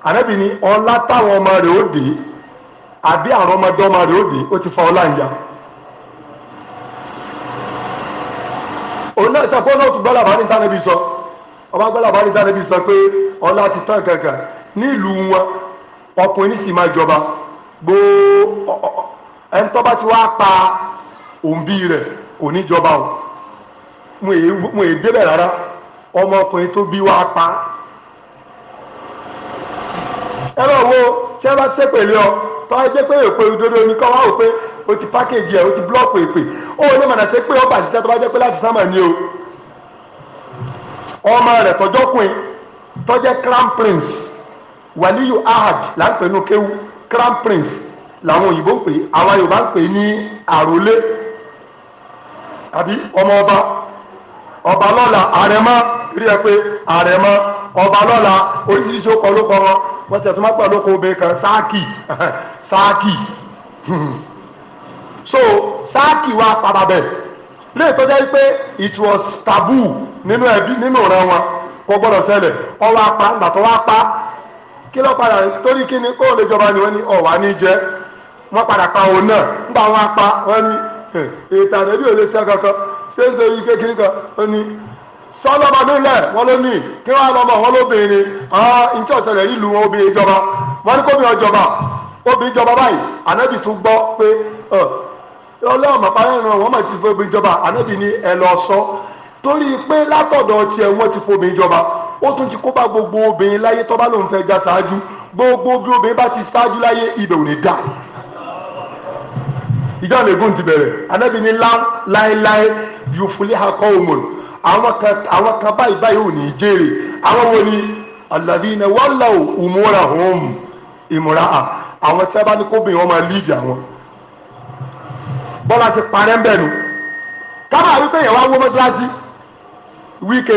ànábì ní ọlá táwọn ọmọ rẹ̀ ó dé àbí àwọn ọmọdé ọmọ rẹ̀ ó dé ó ti fa ọlá ń ya. òun náà ṣàkóso ọ̀tún gbọ́dọ̀ bá ní tánàbì sọ. So ọba gbọ́dọ̀ bá ní dáná bí sọ pé ọlá ti tán kankan nílùú wọn ọkùnrin ní sì máa jọba gbóò ẹni tó bá ti wá pa òǹbí rẹ̀ kò ní jọba o mo è débẹ̀ rárá ọmọkùnrin tó bí wá pa ẹ bá wo tí ẹ bá ṣe pẹ̀lú ọ tó ẹ jẹ́ pé èpè òdodo ni kọ́ wá ò pé o ti pákéjì ẹ̀ o ti búlọ́ọ̀kù èpè ó ní mọ̀nà sí pé ó bàṣẹ́ tó bá jẹ́ pé láti sámà ni o ọmọ rẹ̀ tọjọ́kùnrin tọ́jẹ́ crown prince wàlíyù ahad là ń pè ní kéwú crown prince làwọn òyìnbó ń pè é àwa yorùbá ń pè é ní àròlé àbí ọmọ ọba ọba lọ́la àrẹ̀mọ rí ẹ pé àrẹ̀mọ ọba lọ́la oríṣiríṣi ó kọ ló kọ wọn wọ́n ti ẹ̀ tó má obìnrin kan sáàkì sáàkì so sáàkì wa padà bẹ̀ lè tọ́jà yìí pé it was taboo. nínú ẹbí nínú ọ̀rẹ́ wọn kò gbọ́dọ̀ ọwọ́ apá gbàtọ́ kí ló padà torí kí ni kó o lè jọba ni wọ́n ní ọ̀wá ní padà pa òun náà nígbà wọn apá wọ́n ní ètò àdébí ò lè kankan ṣé ń torí kan ló ní kí wọn lóbìnrin ní ọjọba wọn ti obìnrin jọba torí pé látọ̀dọ̀ tiẹ̀ wọ́n ti fòbìn ìjọba ó tún ti kó bá gbogbo obìnrin láyé tó bá lòun fẹ́ ga ṣáájú gbogbo bí obìnrin bá ti ṣáájú láyé ibẹ̀ ò ní dà ìjọ lẹ́gùn ti bẹ̀rẹ̀ anábì ní láéláé yòfúlẹ̀ akọ òmùn àwọn kan báyìí báyìí ò ní jèrè àwọn wo ni alladhina wallaw umurahum imra'a àwọn tí a bá ní kóbìnrin wọn máa líìdì àwọn bọ́lá ti parẹ́ ń bẹ̀ nu kábàárù pé èèyàn wá wó mọ́ṣáláṣí wike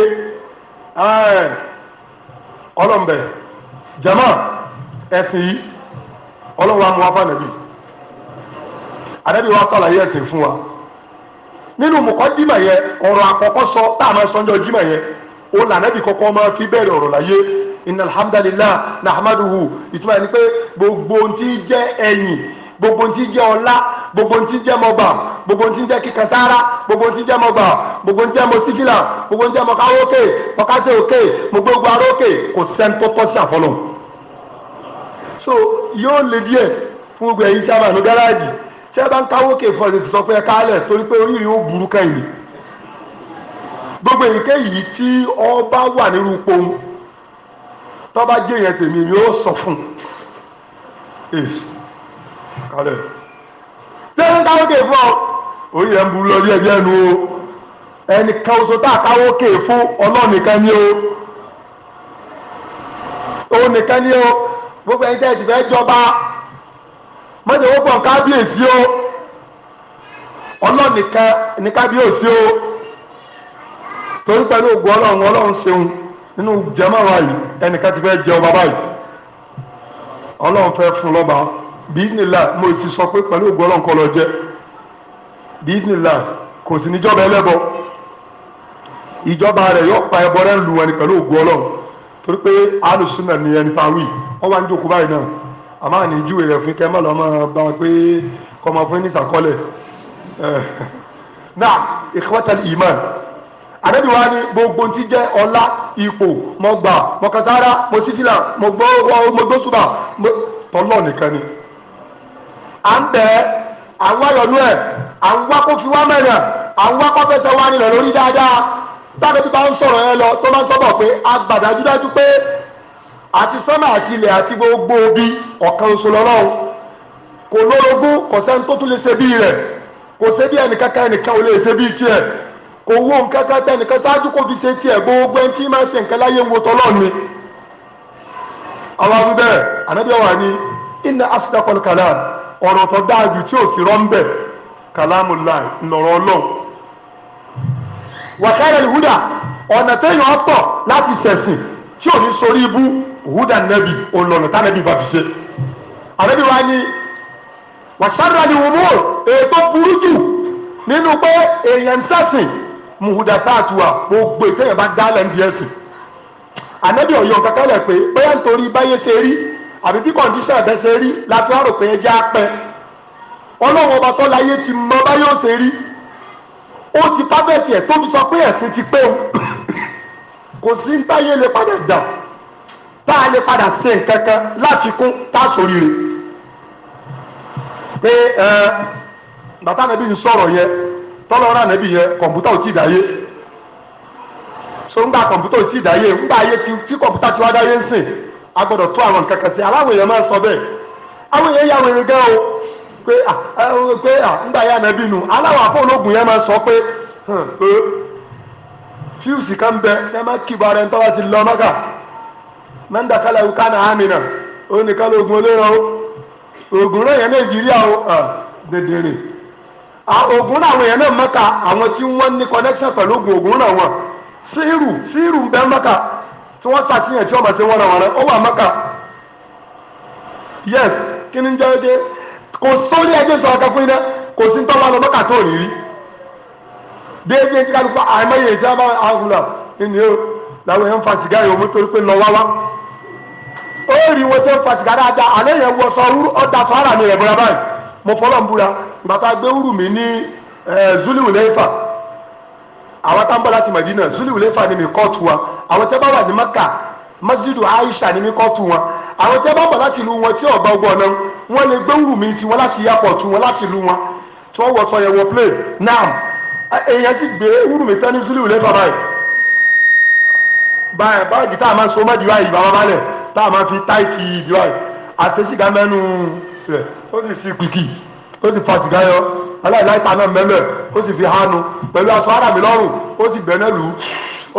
ọlọ́mbẹ eh, jama ẹ̀sìn yìí ọlọ́wọ́ amú wa fànàbí wa sàlàyé ẹ̀sìn fún wa nínú mùkọ́ jìmọ̀ yẹ ọ̀rọ̀ àkọ́kọ́ sọ tá a ma sọ́njọ́ jìmọ̀ yẹ ó lànàbí kọ́kọ́ máa fi bẹ̀rẹ̀ ọ̀rọ̀ láyé inna alhamdulillah nahmaduhu ìtumọ̀ ni pé gbogbo jẹ́ gbogbo ohun jẹ́ gbogbo ntí jẹ́ mọ bàm gbogbo ntí jẹ́ kíkà sára gbogbo ntí jẹ́ mọ bàm gbogbo ntí jẹ́ mọ síkìlà gbogbo ntí jẹ́ mọ káwọ́ òkè pọ̀kásẹ̀ òkè gbogbo ara òkè kò sẹ́ni tó pọ̀ sí àfọlọ́ so yóò lè díẹ̀ fún gbogbo ẹ̀yin sábà ní gáràjì tí ẹ bá ń káwọ́ òkè fún ẹ̀ sọ pé ẹ káálẹ̀ torí pé oríire ó burú kẹ́yìn gbogbo èyíkéyìí tí ọba wà nínú pohùn tọ́ba jẹ́ yẹn tèmi ni ó sọ fún un. Yes. tẹ́lẹ̀ táwọn kè ọ ń bu ẹ̀jẹ̀ nu o ẹni oṣù tá a káwọ́ ni o òun ni o gbogbo ẹni tẹ́ fẹ́ jọba mọ́tò o ọlọ́ọ̀nìkan ní kábíyèsí o torí pẹ̀lú ògùn ọlọ́run ọlọ́run ṣeun nínú jẹ́mọ̀ràn yìí ẹnìkan ti fẹ́ jẹ ọba báyìí ọlọ́run fẹ́ fún lọ́ba. bíínìlá mo ti sọ pé pẹ̀lú ògbó ọlọ́nkọ́ lọ jẹ́ bíínìlá kò sí níjọba ẹlẹ́bọ ìjọba rẹ̀ yóò pa ẹbọ rẹ̀ lu ẹni pẹ̀lú ògbó ọlọ́run torí pé alùsùnà ni ẹni fa wí wọ́n wá ń jókòó báyìí náà àmọ́ àní ìjúwe rẹ̀ fún kẹ́mọ́ lọ́mọ bá wọn pé kọ́mọ fún ní sàkọ́lẹ̀ náà ikhwatal iman àdébí wa ni gbogbo ti jẹ́ ọlá ipò mọ̀gbà mọ̀kàsára mọ̀sífìlà mọ̀gbọ́ mọ̀gbọ́sùbà tọ́lọ́ nìkan ni. à ń bẹ̀ ẹ́ à ń wá e ẹ̀ à ń wá kó fi wá à ń wá kó fẹsẹ̀ wá nílẹ̀ lórí dáadáa bá ń sọ̀rọ̀ ẹ lọ tó bá ń sọ́bọ̀ pé pé àti gbogbo obi ọ̀kan oṣù lọ́lọ́run kò bu kò sẹ́ni tó tún lè ṣe bíi rẹ̀ kò ṣe bí ẹnìkankan ẹnìkan ò lè ṣe bíi tiẹ̀ kò wó gbogbo ẹni tí máa ṣe nǹkan láyé ń wo tọ́lọ́ ni. àwọn awúbẹ̀rẹ̀ ọ̀rọ̀ tó dáa jù tí ò sí laị nnọrọ ńlọrọ̀ ọlọ́run. wàkàrẹ̀ ìhúdà ọ̀nà téèyàn ọ̀tọ̀ láti ṣẹ̀sìn tí ò ní sórí ibú ìhúdà nẹ́bì òǹlọ̀nà tánẹ́bì bá fi ṣe. àbẹ́bí wa ni wàṣàrà ni wọ́n mú ètò burú jù nínú pé èèyàn ń gbogbo bá dálẹ̀ ń di ẹ̀sìn. ọ̀yọ́ pé bóyá nítorí báyé ṣe rí àbí bí kọ̀ǹdíṣàn ẹ̀bẹ̀ ṣe rí láti wá rò pé ẹjẹ́ apẹ́ ọlọ́run ọba tó láyé ti mọ báyọ̀ ṣe rí ó ti pábẹ́ẹ̀tì ẹ̀ tó fi sọ pé ẹ̀sìn ti pé o kò sí ń táyé lè padà dàn tá a lè padà ṣe nǹkan kan láti kún tá a sòrire pé ẹ bàtà nàbí ń sọ̀rọ̀ yẹn tọ́lọ́rọ́ nàbí yẹn kọ̀ǹpútà ò tí ì dáyé so ńgbà kọ̀ǹpútà ò tí ì dáyé ńgbà ayé tí kọ̀ǹpútà ti wá dáyé ń sìn. a gbọ́dọ̀ tún àwọn nǹkan kan sí aláwọ̀ ya máa sọ bẹ́ẹ̀ àwọn èèyàn yà o pé pé nígbà yà nàbí nu aláwọ̀ àpò yẹn máa sọ pé pé kan bẹ ẹ má kí bara ẹni ti lọ mọ́kà mẹ́ńdà kálá ìwúká náà ògùn náà yẹn nàìjíríà dèdèrè ògùn náà àwọn tí wọ́n ṣàṣìyàn tí wọ́n máa ṣe wọ́n náà wọ́n náà ó wà mọ́kà yes kí ni jẹ́ ké kò sórí ẹjẹ́ sọ ọ̀kan fún iná kò sí tọ́lá lọ mọ́kà tó rí rí déédéé tí kálukú àìmọye ìṣe bá àgùlà nínú yóò làwọn èèyàn ń fa sìgá yòó mú torí pé lọ wáwá ó rí wo tó ń fa sìgá dáadáa àlẹ́ yẹn wọ sọ ọ̀dà sọ ara mi rẹ̀ bọ́ra báyìí mo fọlọ́ ń búra gbé mi ní eh, àwọn wa. àwọn tẹ́ bá wà ní Mẹ́kà masjidu Aisha ní mikọ́tù wọn àwọn tẹ́ bá wà láti ìlú wọn tí ọ̀gbọ́n gbọ́ náà wọ́n lè gbé wùmí tiwọn láti airport wọn láti ìlú wọn tí wọ́n wọ sọ yẹn wọ plane náà èèyàn sì gbé wùmí tán ní zulu lẹ́fà báyìí báyìí báyìí tá a máa so mọ́jú báyìí bàbá balẹ̀ tá a máa fi táìtì ìdí báyìí àti sìgá mẹ́nu rẹ̀ ó sì sí kìkì ó sì fa sìgá yọ aláìláìta náà mẹ́lẹ̀ ó sì fi hánu pẹ̀lú aṣọ ara lọ́rùn ó sì bẹ̀rẹ̀ lù ú.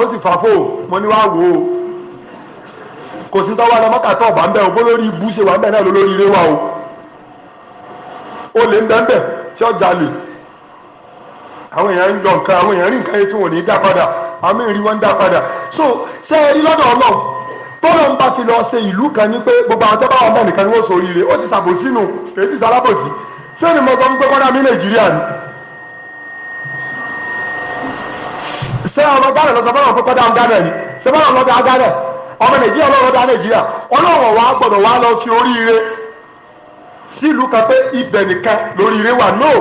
ó sì fà fóò mo ní wàá wò ó kò sí tọ́wọ́ ẹlẹ́mọ́kà tó ọ̀bà ń ògbó lórí ibú ṣe wà ń lórí ilé wa o ó lè ń bẹ́ẹ̀ bẹ́ẹ̀ tí ó jalè àwọn èèyàn ń lọ nǹkan àwọn èèyàn rí nǹkan yẹn tí wọn ò ní so rí lọ́dọ̀ bá kan ní gbogbo àwọn tẹ́bá wọn bẹ́ẹ̀ nìkan ni wọ́n sọ oríire ó ti ṣé ọmọ Ghana lọ sọ fọlọ́run fún kọ́dá Ghana ni ṣé fọlọ́run lọ́dá Ghana ọmọ Nàìjíríà lọ́rọ̀ dá Nàìjíríà ọlọ́run wa gbọ́dọ̀ wá lọ fi oríire sílùú kan pé ibẹ̀ nìkan lóríire wà no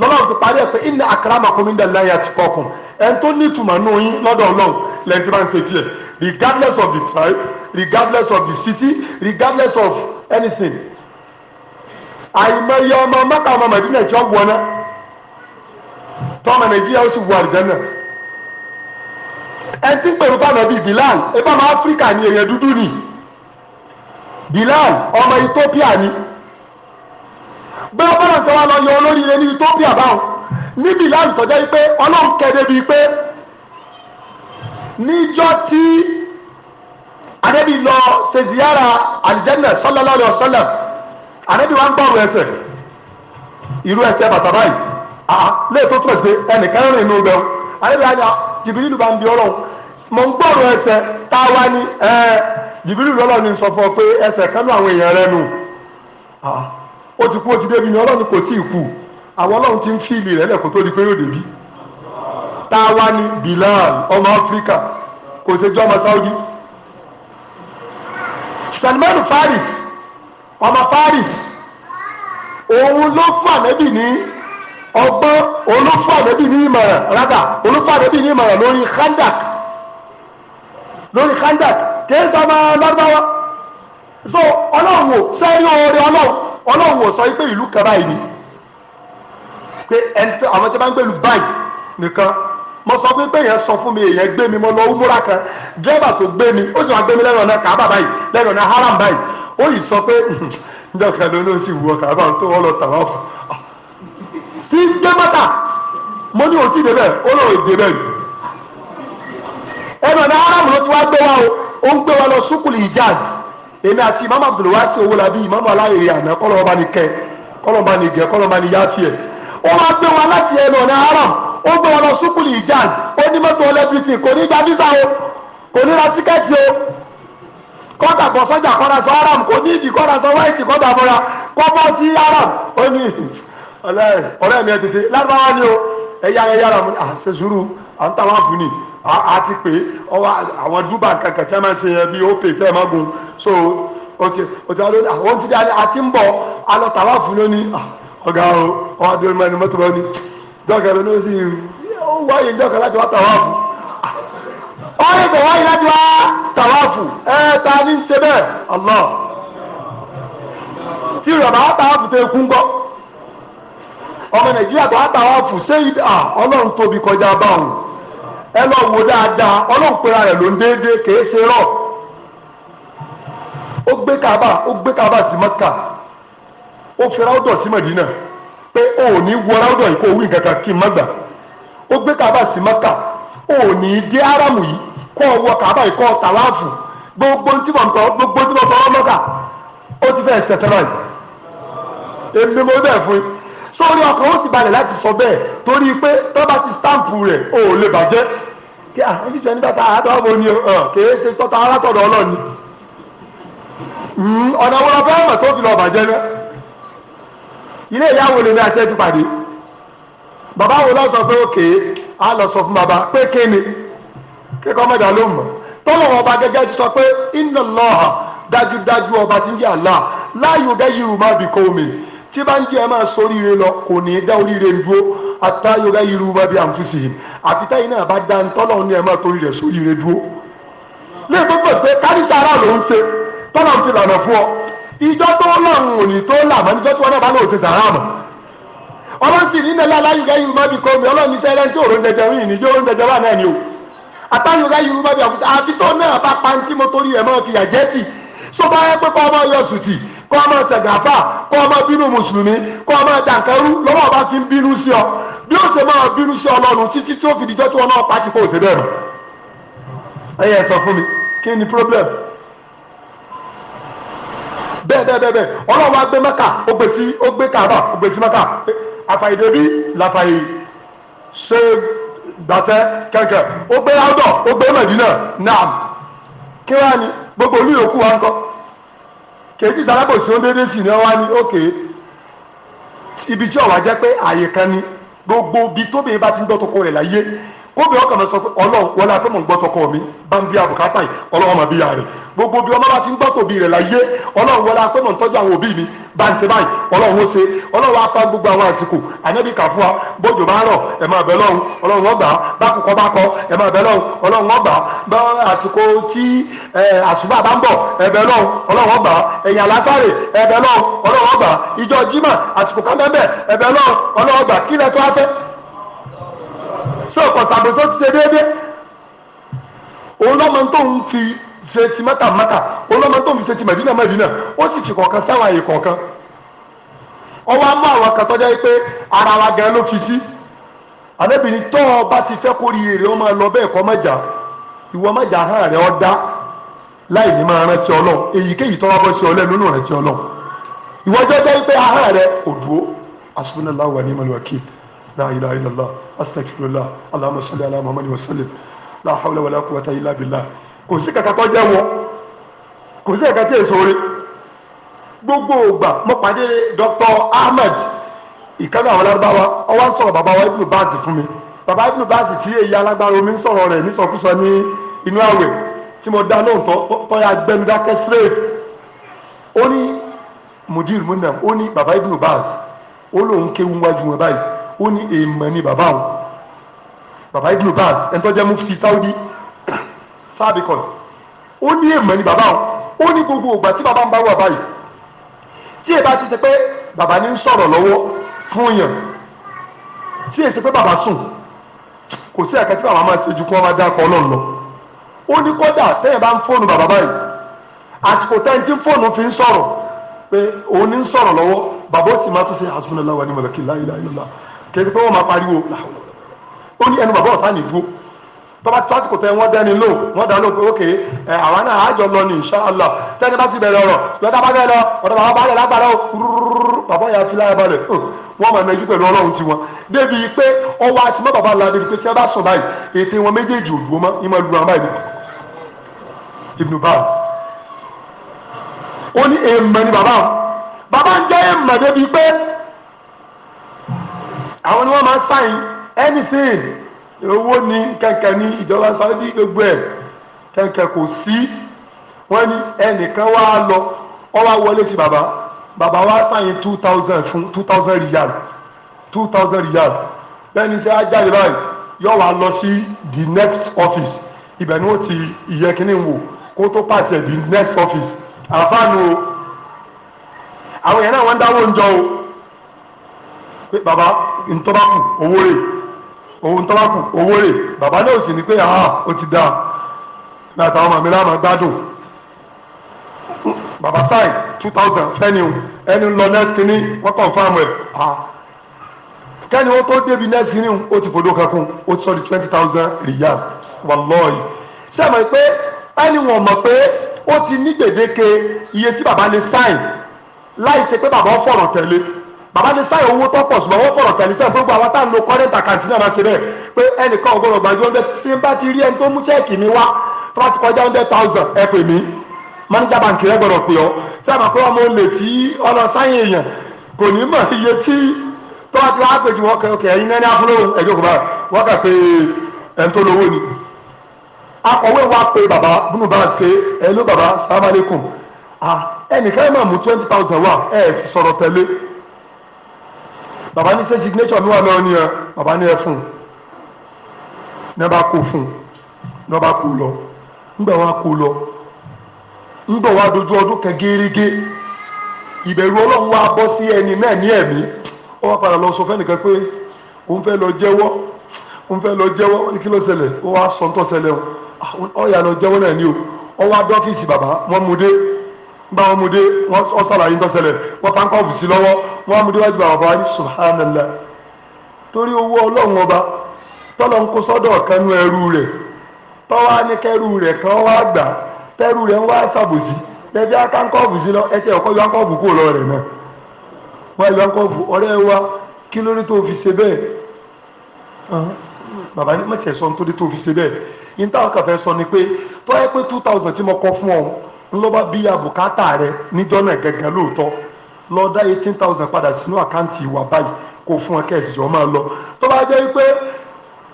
lọ́lọ́run ti parí ẹ̀ pé inna akramakum indallahi yatqakum ẹni tó nítumọ̀ nù yín lọ́dọ̀ ọlọ́run lẹ́yìn tí wọ́n ń ṣe tiẹ̀ regardless of the tribe regardless of the city regardless of anything àìmọye ọmọ mọ́kà ọmọ mẹ́dínà tí wọ́n wọ náà tọ́mọ Nàìjíríà ó sì wọ àlùjánnà náà ẹ ti ń pèrú bàmọ́ bíi Bilal ebá ọmọ Áfíríkà ni èèyàn dúdú ni Bilal ọmọ Ethiopia ni bí wọ́n bọ́dọ̀ sọ wá lọ yọ olórí ilé ní Ethiopia báwọn ní Bilal sọjọ́ yìí pé ọlọ́run kẹ́dẹ́ bíi pé níjọ́ tí anabi lọ ṣe ziyara alijanna sallallahu alayhi wa sallam anabi wa ń bọ̀ ọ̀rọ̀ ẹsẹ̀ irú ẹsẹ̀ bàtà báyìí lẹ́yìn tó túmọ̀ sí pé ẹnìkan rìn inú bẹ́ẹ̀ anabi wa ni ah, jìbìrì ló bá ń bi ọlọ́run mọ̀ ń gbọ́rọ̀ ẹsẹ̀ tá a wá ní jìbìrì lọ́lọ́ ni sọ fún ọ pé ẹsẹ̀ kan náà àwọn èèyàn rẹ nù ó ti kú ó ti débi ni ọlọ́run kò tí ì kú àwọn ọlọ́run ti ń fi ìlì rẹ̀ lẹ́kọ̀ọ́ tó di pé yóò débi tá a wá ní Bilal ọmọ Áfíríkà kò ṣe jọ́ ọmọ Saudi Salman Faris ọmọ Faris òun ló fún ànẹ́bì ní ọgbọ́n òun ló fún ànẹ́bì ní ìmọ̀ràn rádà òun ló fún ànẹ́bì ní ìmọ̀ràn lórí Khandak lórí khandak kìí sọmọ lárúbáwá so ọlọ́run ò sẹ́rí oore ọlọ́run ọlọ́run ò sọ pé ìlú kan báyìí ni pé ẹni tí àwọn tí wọ́n bá ń gbèlú báyìí nìkan mo sọ fún pé èèyàn sọ fún mi èèyàn gbé mi mo lọ umura kan dírẹ́bà tó gbé mi ó sì wá gbé mi lẹ́nu ọ̀nà kàábà báyìí lẹ́nu ọ̀nà haram báyìí ó yìí sọ pé ǹjẹ́ hmm, ọ̀kadà ló sì wù ọ̀kadà bá tó wọ́n lọ tàwa fún un. tí gbé mọ́tà mo ní òtí débẹ̀ ó lọ́ọ́ débẹ̀ yìí. ẹnu ọ̀nà aráàmù ló ti gbé wa o ó ń gbé wa lọ sukùlù èmi àti imam owó labi imam aláìrí àná kọ́lọ́ ọba ni kẹ kọ́lọ́ ọba ni ó gbé wa láti ẹnu ọ̀nà ó gbé wa lọ sukùlù ó visa o kò ní ra tíkẹ́ẹ̀tì o kọ́dà bọ̀ sọ́jà sọ aram kò ní ìdí kọ́dà sọ wáìtì aram ó ní ọ̀rẹ́ mi ẹ̀ tètè lárúbáwá o ẹ̀yà ẹ̀yà rà mú àṣẹ sùúrù à a tàwọn àbúni àti pé àwọn dúbà kankan tí a máa ń ṣe yẹn bí ó pè fẹ́ máa gun so òtí òtí àwọn ti dáadé àti ń bọ̀ alọ́ tàwọn àbúni ní ah, ọ̀gá o ọ̀gá àti olùmọ̀ ẹni mọ́tò bá ní dọ́kẹ́ ló sì ó wáyé dọ́kẹ́ láti wá tàwọn àbù ọ̀rẹ́ bọ̀ wáyé láti wá tàwọn àbù ẹ̀ ta ní ń ṣe bẹ́ẹ̀ Allah tí ìrọ̀bà wá tàwọn àbù tó ekú ń gbọ́. ọmọ nàìjíríà tó àtà wà fún sẹ́yìn à ọlọ́run tóbi kọjá báwọn ẹ lọ wo dáadáa ọlọ́run pera rẹ̀ ló ń déédéé kèé ṣe rọ̀ ó gbé kaaba ó gbé kaaba sí mọ́kà ó fi ráúdọ̀ sí mẹ̀dínà pé ó ní wọ ráúdọ̀ yìí kó wí nǹkan kí n má gbà ó gbé wọ yìí o gbogbo tí mo gbogbo tí mo tọ ọ ó ti fẹ́ báyìí sórí ọkàn ó sì balẹ̀ láti sọ bẹ́ẹ̀ torí pé tó bá ti sáǹpù rẹ̀ ò lè bàjẹ́ kí à ń fìṣẹ́ nígbà tá a dọ́ bo ni ọ kìí ṣe tọ́ta alátọ̀dọ̀ ọlọ́ni hmm, ọ̀nà wo lọ fẹ́ràn tó fi lọ bàjẹ́ náà ilé ìyàwó lè ní àtẹ́jú pàdé bàbá wo lọ sọ pé òkè á lọ sọ fún bàbá pé kéne kíkọ́ mẹ́ta ló mọ̀ tọ́lọ̀ ọba gẹ́gẹ́ ti sọ pé iná lọ́hà dájúdájú ọba ti ń yà láà láàyò dẹ́yìí rùmá bìkọ́ omi tí bá ń jẹ́ ẹ máa sọ oríire lọ kò ní í dá oríire dúró ata yorùbá yìí rúbá bí àǹfùsì yìí àfi táyìn náà bá dá ntọ́lọ̀ ní ẹ máa torí rẹ̀ sóríire dúró. lè gbogbo pé kárísà ara ló ń ṣe tọ́lọ̀ ń fi lànà fún ọ ìjọ tó lọ́rùn òní tó là mọ́ níjọ́ tí wọ́n náà bá lọ́ọ́ ṣe sàrà mọ́. ọlọ́run sì ní nílẹ̀ aláyùká yìí má bí kọ́ mi ọlọ́run iṣẹ́ rẹ̀ tí òrùn jẹjẹ rìn níjẹ́ òrùn jẹjẹ wà náà o. àtàyùká yìí rúbá bí àǹfùsì àfi tó náà bá pantí kọ́ ọmọ sẹ̀gáfà k'ọ ọmọ bínú mùsùlùmí k'ọ ọmọ dàkẹrù lọ́wọ́ ọba fi ń bínú sí ọ bí ó ṣe máa bínú sí ọlọ́run títí tí ó fi dijọ́ tí wọn náà pàtí kò ṣe bẹ́ẹ̀ mọ́. sọ fún mi kí ni problem. wa gbé ó gbé sí ó gbé ó gbé sí àfàyèdè làfàyè ṣe gbàṣẹ ó gbé ó gbogbo olú yòókù wa kèéjì ìsalábòsí ó ń déédéé sì ní wá ní òkè ibi tí ọ̀wá jẹ́ pé àyè kan ni gbogbo ibi tóbi bá ti ń dọ́tokò rẹ̀ láyé kóbi ọkàn mi sọ pé ọlọ́run wọlé afẹ́ mọ̀ ń gbọ́ tọkọ mi bá ń bí abùkátà yìí ọlọ́run mà bí ya rẹ̀ gbogbo bí ọmọ bá ti ń gbọ́ tòbí rẹ̀ láyé ọlọ́run wọlé afẹ́ mọ̀ ń tọ́jú àwọn òbí mi bá ń ṣe báyìí ọlọ́run ó ṣe ọlọ́run apá gbogbo àwọn àsìkò ànábì kà wa bójú bá rọ̀ ẹ̀ máa bẹ̀ lọ́run ọlọ́run ọgbà bákùkọ bákọ ẹ̀ máa bẹ̀ lọ́run ọlọ́run ọgbà bá àsìkò tí àsùbà bá ń bọ̀ ẹ̀ bẹ̀ lọ́run ọlọ́run ọgbà ẹ̀yìn àlásàrè ẹ̀ bẹ̀ lọ́run ọlọ́run ọgbà ìjọ jimá sọ ọkọ̀ ṣàbòsó ti ṣe déédéé òun tó ń fi ṣe ti mẹ́ta mẹ́ta òun tó ń fi ṣe ti mẹ́dínà mẹ́dínà ó sì ti kọ̀ọ̀kan sáwọn àyè kọ̀ọ̀kan ọwọ́ á àwọn kan tọ́jà pé ara wa gan ló fi sí àdébìnrin tó o bá ti fẹ́ èrè ọmọ lọ bẹ́ẹ̀ kọ́ mẹ́jà ìwọ mẹ́jà hàn rẹ̀ ọ́ láì ní máa rántí ọlọ́run èyíkéyìí tó wá bọ́ sí ọlẹ́ lónà rántí ọlọ́run ìwọ́jọ́ jẹ́ pé ahọ́n ní لا إله إلا الله أستغفر الله اللهم صل على محمد وسلم لا حول ولا قوة إلا بالله kò sí kankan tó jẹ́ wọ kò sí kankan tí èso rí gbogbo ògbà mo pàdé Dr. Ahmed ìkànnì àwọn alágbáwa ọwọ́ ń sọ̀rọ̀ bàbá wa ibùdó báàsì fún mi bàbá ibùdó báàsì tí èyí alágbára omi ń sọ̀rọ̀ rẹ̀ nísọkúsọ ní inú àwẹ̀ tí mo dá lóhùn tó yà gbẹnu dákẹ́ straight ó ní mudir munam ó ní bàbá ibùdó báàsì ó lóun kéwu wájú wọn báyìí ó ní èèmọ̀ ni bàbá òun bàbá ibnu baz ẹni tó jẹ́ mufti saudi sábìkọ̀n ó ní èèmọ̀ ni bàbá òun ó ní gbogbo ìgbà tí bàbá ń bá wà báyìí tí èèbá ti ṣe pé bàbá ní ń sọ̀rọ̀ lọ́wọ́ fún yàn tí èèyàn ṣe pé bàbá sùn kò sí ẹ̀ka tí bàbá máa ṣe ju kí wọ́n máa dákọ̀ ọlọ́run lọ ó ní kódà tẹ́yìn bá ń fóònù bàbá báyìí àsìkò tẹ́yìn fóònù fi ń sọ̀rọ̀ pé òun ní ń sọ̀rọ̀ lọ́wọ́ bàbá ó sì máa tún ṣe àsùnmọ́lá wà ní mọ̀lẹ́kì láìláìlá kéde pé wọ́n máa pariwo ó ní ẹnu bàbá ọ̀sán nìgbó tọ́ba tí wọ́n ti kò tẹ wọ́n dẹ́ni lò wọ́n dá lóko ókè ẹ̀ àwa náà àjọ lọ ní ìṣáàlà tẹ́ni bá ti bẹ̀rẹ̀ ọ̀rọ̀ lọ́dà bá bẹ̀rẹ̀ lọ ọ̀dọ̀ bàbá bá yẹ lágbára ó rúrúrú bàbá yẹ àti láyà balẹ̀ wọ́n máa mẹ́jú pẹ̀lú ọlọ́run tiwọn débi pé ọwọ́ àti mọ́ bàbá làbẹ̀ pé tí wọ́n bá sùn báyìí ètè wọn méjèèjì òdùwọ́ mọ́ ìmọ̀ lu àwọn báyìí Ibn Baz ó ní èèmọ̀ ni bàbá bàbá ń jẹ́ èèmọ̀ àwọn ni wọ́n máa ń sáyìn anything owó ní kẹ̀kẹ́ ní ìjọba Saudi gbogbo ẹ̀ kẹ̀kẹ́ kò sí wọ́n ní ẹnìkan wá lọ wọ́n wá wọlé sí bàbá bàbá wa sáyìn two thousand fún two thousand riyal two thousand riyal bẹ́ẹ̀ni sẹ́ ajáde báyìí yọ wá lọ sí the next office ibẹ̀ ni wọ́n ti ìyẹn kínní wò kó tó pàṣẹ the next office àfáànù o àwọn yẹn náà wọ́n dáwọ́ ń o pé bàbá ntọ́bákù owó rè òun ntọ́bákù owó rè bàbá náà sì ní pé àá ó ti dáa ní àtàwọn màmí láàmú gbádùn bàbá sáì two thousand fẹ́ni ẹni lọ nẹ́ẹ̀sì ní wọ́n kàn fáàmù ẹ̀ ha kẹ́ni ó tó débi nẹ́ẹ̀sì ní o ti fòdó kankun o ti sọ di twenty thousand riyal wàlọ́ọ̀yì ṣé ẹ mọ̀ pé ẹni wọ́n mọ̀ pé o ti ní gbèdéke iye tí bàbá lè sáì láì ṣe pé bàbá fọ̀rọ̀ tẹ̀lé bàbá mi sáyẹ owó tọ́pọ̀ ṣùgbọ́n wọ́n fọ̀rọ̀ tẹ̀lé sẹ́yìn gbogbo àwọn tá à ń lo current account náà máa ṣe bẹ́ẹ̀ pé ẹnìkan ọgọ́rọ̀ gbàjú ọ̀ndẹ́ tí n bá ti rí ẹni tó mú ṣẹ́ẹ̀kì mi wá tó bá ti kọjá ọ̀ndẹ́ thousand ẹ pè mí manager bank rẹ gbọdọ̀ pè ọ́ sẹ́yìn àpò ọmọ olè tí ọlọ sáyẹn èèyàn kò ní mọ̀ iye tí tó bá ti wá pè jù wọ́n kẹ ọkẹ ẹ̀yin náà ní afúnlówó ẹ̀jọ̀ kò báyìí wọ́n kà pé ẹni tó lówó ni akọ̀wé wa pé bàbá bùnú ah, thousand wá ẹ̀ sọ̀rọ̀ tẹ̀lé Baba n'i sẹ́ signature mi wà náà ni ẹ bàbá ní ẹ fún ne ba kó fún un ní kó lọ ńgbà wa kó lọ ìbẹ̀rù ọlọ́run wa bọ́ sí ẹni náà ní ẹ̀mí ó wá padà lọ sọ fẹ́nìkan pé òun fẹ́ lọ jẹ́wọ́ òun fẹ́ lọ jẹ́wọ́ ní kí ló ṣẹlẹ̀ ó wá sọ ńtọ́ ṣẹlẹ̀ o ọ̀yà ah, lọ jẹ́wọ́ náà o ó wá bàbá wọn mú dé wọn mú dé wọn ṣàlàyé wọ́n mú díwájú àwọn bàbá yìí torí owó ọlọ́run ọba tọ́lọ́ ń kó sọ́dọ̀ kanú ẹrú rẹ̀ tọ́wá ní kẹrú rẹ̀ kan wá gbà tẹrú rẹ̀ ń wá ṣàbòsí tẹbi akáńkọ́ọ̀bù sí lọ ẹtẹ ọkọ yọ akáńkọ́ọ̀bù lọ rẹ̀ náà wọ́n yọ wa kí tó fi ṣe bẹ́ẹ̀ bàbá ní nítorí tó fi ṣe sọ ni pé tọ́ ẹ pé two thousand tí mo kọ fún ọ rẹ níjọ́ náà gẹ́gẹ́ lọ dá eighteen thousand padà sínú àkáǹtì ìwà báyìí kó fún wọn kẹ́sì jọ máa lọ tó bá jẹ́ pé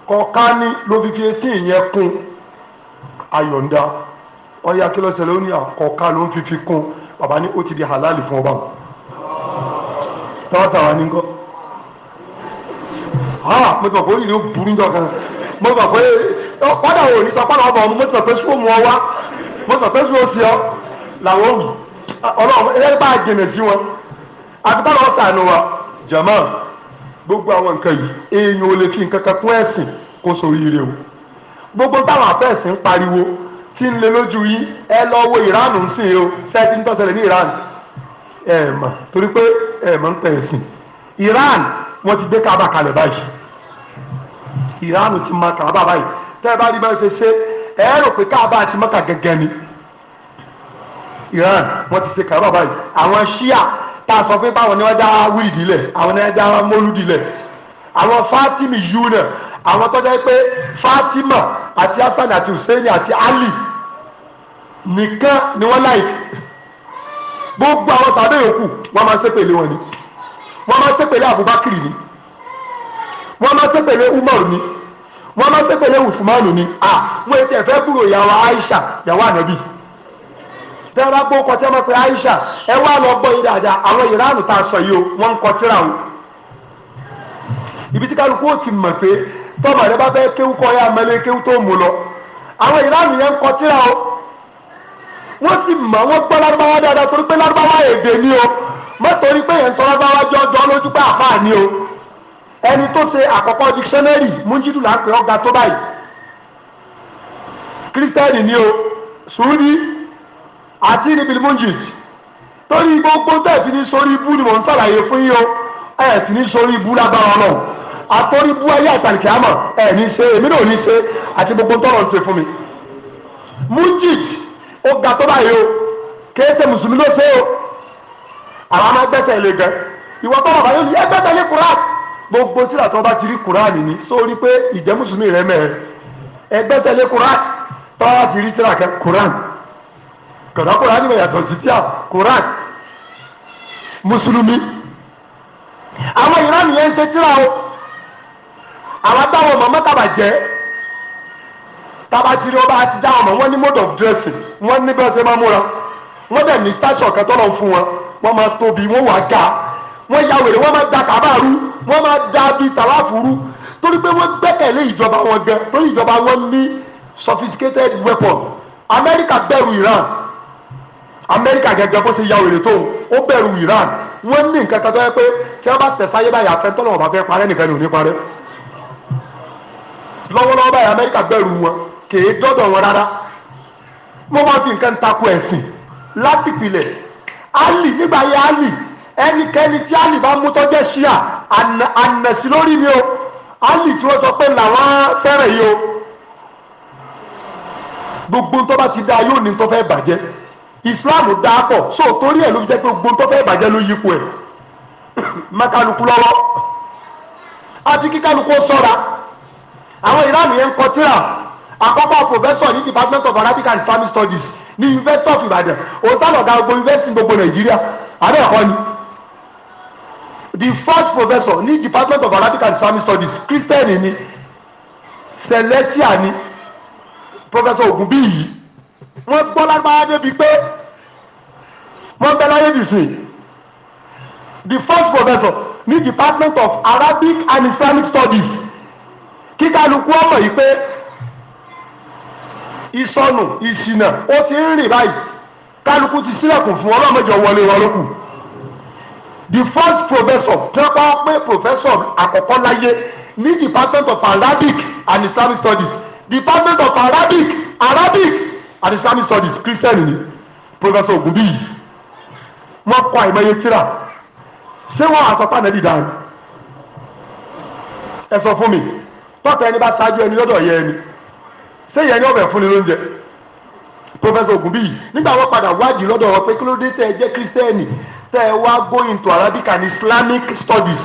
kọ̀ọ̀ká ni ló fi fi eighteen yẹn kún ayọ̀ǹda ọ̀ya kí ló ṣẹlẹ̀ ó ní àkọ́ká ló ń fi fi kún bàbá ní ó ti di halal fún ọba tọ́wọ́ sàwọn ní ha mo tọ̀ pé ó yìí ló burú jọ kan mo tọ̀ pé padà wò ní sọpá làwọn ọmọ mo tọ̀ pé sùn mu ọ wá mo tọ̀ pé sùn ó sì ọ làwọn ọlọ́run ẹ bá jìnnà sí wọn àfikà lọ sànù wa jama gbogbo àwọn nǹkan yìí èèyàn ò lè fi nǹkan kan kún ẹ̀sìn kó sórí ire o gbogbo táwọn afẹ́sìn ń pariwo tí ń lé lójú yìí ẹ lọ wo Iran ń sìn o sẹ́ẹ̀tì ń tọ́sẹ̀lẹ̀ ní Iran ẹ mà torí pé ẹ mà ń pẹ̀ ẹ̀sìn Iran wọ́n ti gbé kábà kalẹ̀ báyìí Iran ti ma kábà báyìí tẹ́ ẹ bá rí bá ṣe ṣe ẹ rò pé kábà ti mọ́ta gẹ́gẹ́ ni Iran wọ́n ti ṣe kábà báyìí àwọn Shia tá a sọ pé báwọn ni wọ́n dá wíìdì lẹ̀ àwọn ni wọ́n dá mọ́lúdì lẹ̀ àwọn Fátìmì yìí náà àwọn tó jẹ́ pé Fátímà àti Hasan àti Hussein àti Ali nìkan ni wọ́n láì gbogbo àwọn sàbẹ̀ yòókù wọ́n máa ṣépèlé wọn ni wọ́n máa ṣépèlé Abubakar ni wọ́n máa ṣépèlé Umar ni wọ́n máa ṣépèlé Usman ni à wọ́n ti ẹ̀fẹ́ búrò ìyàwó Aisha ìyàwó Ànábì tẹ́lá gbó kọ́ tẹ́lá pé Aisha ẹ wá lọ gbọ́ yìí dáadáa àwọn ìránù tá a sọ yìí o wọ́n ń kọ́ tíra o ibi tí kálukú ó ti mọ̀ pé tọ́mọ rẹ bá fẹ́ kéwú kọ́ ya mẹ́lẹ́ kéwú tó mú lọ àwọn ìránù yẹn ń kọ́ tíra o wọ́n sì mọ̀ wọ́n gbọ́ lárúbáwá dáadáa torí pé lárúbáwá èdè ni o mọ́tòrí pé yẹn ń sọ lárúbáwá jọjọ lójú pé àfáà ni o ẹni tó ṣe àkọ́kọ́ dictionary mújídù là ń pè ọ́ga tó báyìí kírísítẹ́nì ni o sùúrù àti níbìlì mojid torí gbogbo tẹ̀sí ní sórí ibú ni mò ń sàlàyé fún yín o ẹ̀ sì ní sórí ibú lágbára ọlọ́run àtọ́rí ibú ayé àtàlìkẹ́ àmọ̀ ẹ̀ ní ṣe èmi náà ní ṣe àti gbogbo tọ́lọ̀ ń ṣe fún mi. mojid ó ga tó báyìí o kìí ṣe mùsùlùmí ló ṣe o àwọn máa gbẹ́sẹ̀ lé gan ìwọ tọ́lọ̀ bá yóò gbẹ́sẹ̀ lé Kùránì gbogbo sílà tó bá ti rí Kùránì ní sórí pé ìjẹ́ mùsùlùmí rẹ mẹ́rin ẹgbẹ́sẹ̀ lé Kùránì tọ́lá ti rí sílà Kùránì kọ̀dọ̀ kóra ni mo yàtọ̀ sí sí àkùrán mùsùlùmí àwọn ìran yẹn ń ṣe tíra o àwọn táwọn mọ̀mọ́ tàbà jẹ́ tabatiri ọba àti dáhùn mọ̀ wọ́n ní mode of dressing wọ́n ní bẹ́ẹ̀ ṣe máa múra wọ́n dẹ̀ ní station kan tọ́lọ̀ fún wọn wọ́n máa tóbi wọ́n wà ga wọ́n ya wèrè wọ́n máa da kàbáàrú wọ́n máa da bíi tàlàfùrú torí pé wọ́n gbẹ́kẹ̀lé ìjọba wọn gan torí ìjọba wọn ní sophisticated weapon Amẹ́ríkà bẹ̀rù Iran amẹ́ríkà gẹ́gẹ́ bó ṣe ya òrèrè tó ó bẹ̀rù iran wọ́n ní nǹkan kan tó yẹ pé tí wọ́n bá tẹ̀sáyé báyìí àfẹ́ntọ́lọ́ ọ̀bá fẹ́ parẹ́ nìkan ò ní parẹ́ lọ́wọ́lọ́wọ́ báyìí amẹ́ríkà bẹ̀rù wọn kèé dọ́dọ̀ wọn rárá wọ́n máa fi nǹkan takò ẹ̀sìn láti pilẹ̀ ali nígbà yẹn ali ẹnikẹ́ni tí ali bá mú tọ́jẹ́ ṣíà ànàsí lórí mi o ali tí wọ́n sọ pé làwọn fẹ́ràn yìí o gbogbo tó bá ti dá yóò ní tó fẹ́ bàjẹ́ islam da pọ̀ so torí ẹ̀ ló fi jẹ́ pé gbogbo tó fẹ́ bàjẹ́ ló yípo ẹ̀ mẹ́kálukú lọ́wọ́ àti kíkálukú sọ́ra àwọn ìlànà yẹn ń kọ tíra àkọ́kọ́ professor ní department of arabic and islamic studies ní university of ibadan òsàlọ̀gá gbogbo university gbogbo nàìjíríà àbẹ́ẹ̀kọ́ ni the first professor ní department of arabic and islamic studies christian ni celestia ni professor ogunbiyi wọ́n gbọ́ lárúbáwá débi pé wọ́n bẹ láyé nìsín the first professor ní department of Arabic and Islamic Studies kíkálukú ọmọ yìí pé ìsọnù ìṣìnà ó ti ń rìn báyìí kálukú ti sílẹ̀kùn fún ọlọ́mọdé wọlé wọn the first professor tí wọ́n pa pé professor àkọ́kọ́ láyé ní department of Arabic and Islamic Studies department of Arabic Arabic and Islamic studies Christian ni Professor Ogunbiyi wọ́n kọ àìmọye tíra ṣé wọ́n àsọpá nàbí dáhùn ẹ sọ fún mi tọ́tà ẹni bá ṣáájú ẹni lọ́dọ̀ yẹ ẹni ṣé yẹn ni ọbẹ̀ fún ni lóúnjẹ Professor Ogunbiyi nígbà wọ́n padà wádìí lọ́dọ̀ wọn pé kí ló dé tẹ́ ẹ jẹ́ Christian tẹ́ ẹ wá go into Arabic and Islamic studies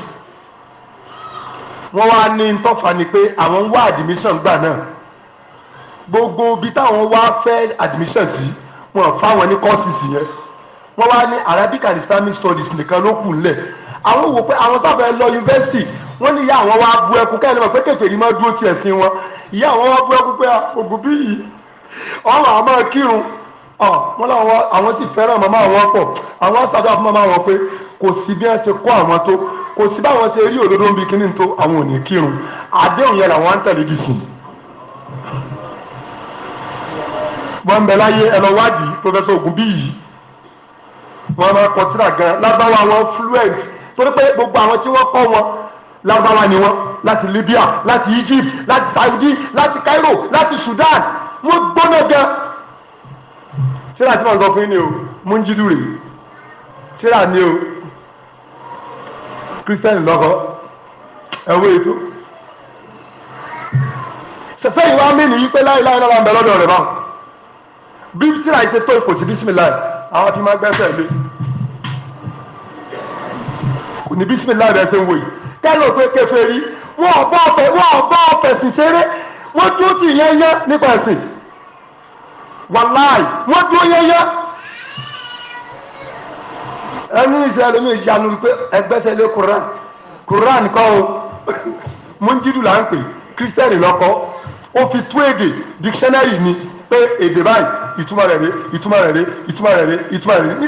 wọ́n wá ní tọ́fà ni pé àwọn ń wá admission gbà náà gbogbo ibi táwọn wá fẹ́ admission sí wọn fáwọn ní courses yẹn wọ́n wá ní Arabic and Islamic studies nìkan ló kù nílẹ̀ àwọn wò pé àwọn sábà lọ yunifásitì wọ́n ní ìyá àwọn wá bu ẹkú kẹ́hìn lọ́mọ pé kèfèrí máa dúró tiẹ̀ sí wọn ìyá àwọn wá bu ẹkú pé ah, ògùn bí yìí ọ̀rọ̀ àwọn máa kírun ah, wọ́n láwọn àwọn sì fẹ́ràn màmá àwọn pọ̀ àwọn àṣàdúrà fún màmá wọn pé kò sí bí wọ́n ṣe kọ́ àwọn tó kò sí báwọn ṣe rí òdodo ń bi kíní tó àwọn ò ní kírun àdéhùn yẹn làwọn á ń tẹ̀lé dìsìn wọ́n ń bẹ láyé ẹ lọ wádìí professor Ògúnbíyì wọ́n máa kọ tírà gan lágbáwá wọn fluent torí pé gbogbo àwọn tí wọ́n kọ́ wọn lágbáwá ni wọ́n láti Libya láti Egypt láti Saudi láti Cairo láti Sudan wọ́n gbóná gan tírà tí wọ́n sọ fún yín ni o múnjídù rèé tírà ni o Christian lọ́kọ́ ẹ̀wọ́ ètò ṣẹ̀ṣẹ̀ ìwà mi nìyí pé láìláìlára ń bẹ lọ́dọ̀ rẹ̀ báwọn bí tíra yìí ṣe tó kò sí bísímìláì àwọn tí máa gbẹ́sẹ̀ lé kò ní bísímìláì rẹ̀ ṣe ń wò yìí kẹ́lò pé kèfèrí wọ́n ọ̀bá ọ̀fẹ́ wọ́n ọ̀bá ọ̀fẹ́ sì ṣeré wọ́n dúró sí yẹ́yẹ́ nípa ẹ̀sìn wàláì wọ́n dúró yẹ́yẹ́ ẹni ìṣẹ̀lẹ̀ mi ìyanu pé ẹgbẹ́sẹ̀ lé koran koran kọ́ o múndídù là ń pè kírísítẹ́nì lọ́kọ́ ó fi tú èdè dictionary ni pé èdè báyìí ìtumọ̀ rẹ̀ rè ìtumọ̀ rẹ̀ rè ìtumọ̀ rẹ̀ rè ìtumọ̀ rẹ̀ ní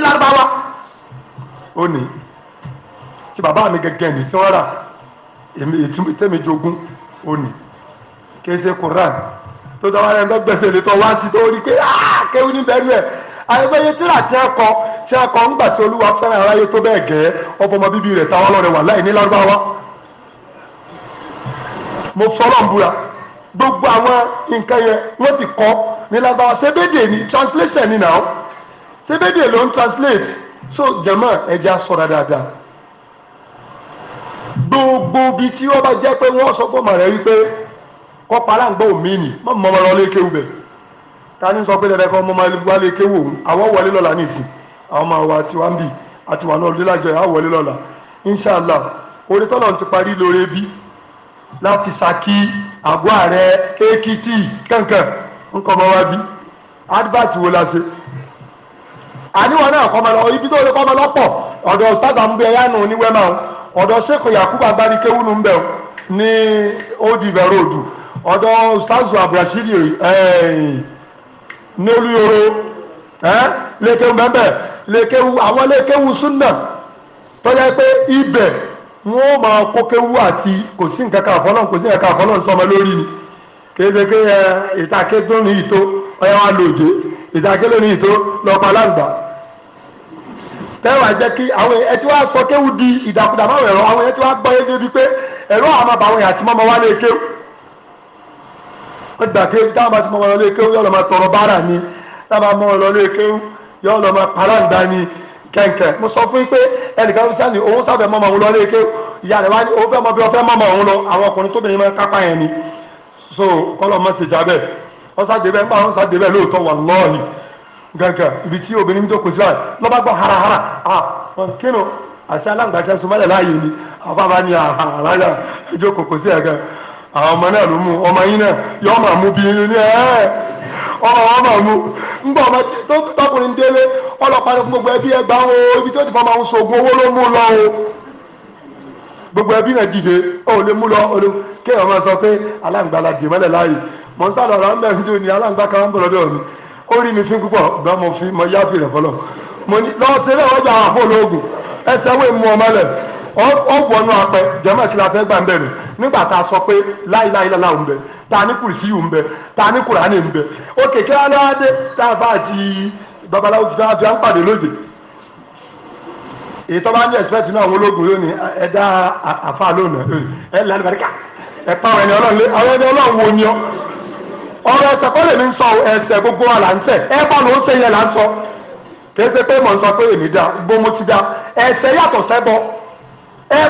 ó ní tí mi gẹ́gẹ́ tí wọ́n rà jogún ó koran tó tọ́ wáyé ẹ̀ńdọ́ gbèsè lè tọ́ wá sí tó rí pé ah, ní bẹ́ẹ̀ rẹ̀ àyẹ̀fẹ́yẹ tíra tí a kọ tí a kọ ńgbà tí olúwa fẹ́ràn aráyé tó bẹ́ẹ̀ gẹ́ gbogbo àwọn nǹkan yẹn wọ́n ti kọ́ ní ni translation ni now ló ń translate so jama ẹja sọ̀rọ̀ dáadáa gbogbo bi tí wọ́n bá jẹ́ pé wọ́n sọ fún màrẹ́ wípé kọ́ paláǹgbọ́ òmí mọ́ mọ́ lọ lé kéwù bẹ̀ ta ni sọ pé mọ́ lé kéwù òun àwọn wọlé lọ́la ní ìsìn àwọn máa ń bì àti wà náà lílàjọ yà àgọ́ ààrẹ ekiti kankan nǹkan wa bí advert wo la ṣe àníwọ̀n náà kọ́ ọmọ lọ ibi tó lè kọ́ ọmọ lọ́pọ̀ ọ̀dọ̀ sátà ń bẹ ẹ̀yà road ọ̀dọ̀ ustazu abrasili eh, n'oluyoro eh, lẹ́kẹ̀wù bẹ́ẹ̀ lẹ́kẹ̀wù àwọn lẹ́kẹ̀wù súnà tọ́jà pé wọ́n máa kó kéwú àti kò sí nǹkan kan àfọlọ́n kò sí nǹkan kan àfọlọ́n sọmọ lórí ni kéékèèké ẹ ìtàké tó ní ìtó ọyá wa lòdè ìtàké ló ní ìtó lọ́pàá láǹgbà. tẹ́wà jẹ́ kí àwọn ẹ ti wá sọ kéwú di ìdàkudà máwọn ẹ̀rọ àwọn ẹ ti wá gbọ́ yé débi pé ẹ̀rọ àwọn máa bá àti mọ́mọ́ wá lé kéwú. ó gbà pé táwọn bá ti mọ́mọ́ lọ lé kéwú yọ kẹ̀kẹ́ mo sọ fún yín pé ẹnìkan fi sáàlì òun sábẹ̀ mọ́mọ́ òun lọ lé ike ìyá rẹ̀ wá ní òun fẹ́ mọ bí wọ́n fẹ́ mọ́mọ́ òun lọ àwọn ọkùnrin tóbìnrin máa kápá yẹn ni so kọ́lọ̀ mọ́ ṣe jábẹ́ wọ́n sá débẹ̀ nípa wọ́n sá débẹ̀ lóòótọ́ wà lọ́ọ̀lì gàgà ibi tí obìnrin tó kù sí láì lọ́ba gbọ́ harahara ah kínú àṣẹ alágbàṣẹ sọmọlẹ̀ láàyè ni àwọn bàbá ni àhàràyà ìjókòó kò sí ẹ̀gẹ́ àwọn ọmọ náà ló mú ọmọ yín ọ̀rọ̀ wọn ọmọ tó tọkùnrin délé ọlọ́pàá ní fún gbogbo ẹbí ẹgbà o ibi tó ti fọ́ máa sògùn owó ló mú lọ o gbogbo ẹbí náà dìde ó lè mú lọ olú sọ pé la tó ní kan mi ó rí mi fín mo fi mo ní tani kùrìsíyù ń bẹ tani kùránì ń bẹ òkè kí wọn náà tá a e, e bá e ti babaláwo tí wọn a ń pàdé lóde èyí tó bá ní ẹsipẹsì náà àwọn ológun lónìí ẹ dá àfa lónìí ẹ lẹ́nu bàríkà ẹ pa ọlọ́run lé ọlọ́run ọ ọ̀rọ̀ kọ́ sọ gbogbo wa là ń sẹ̀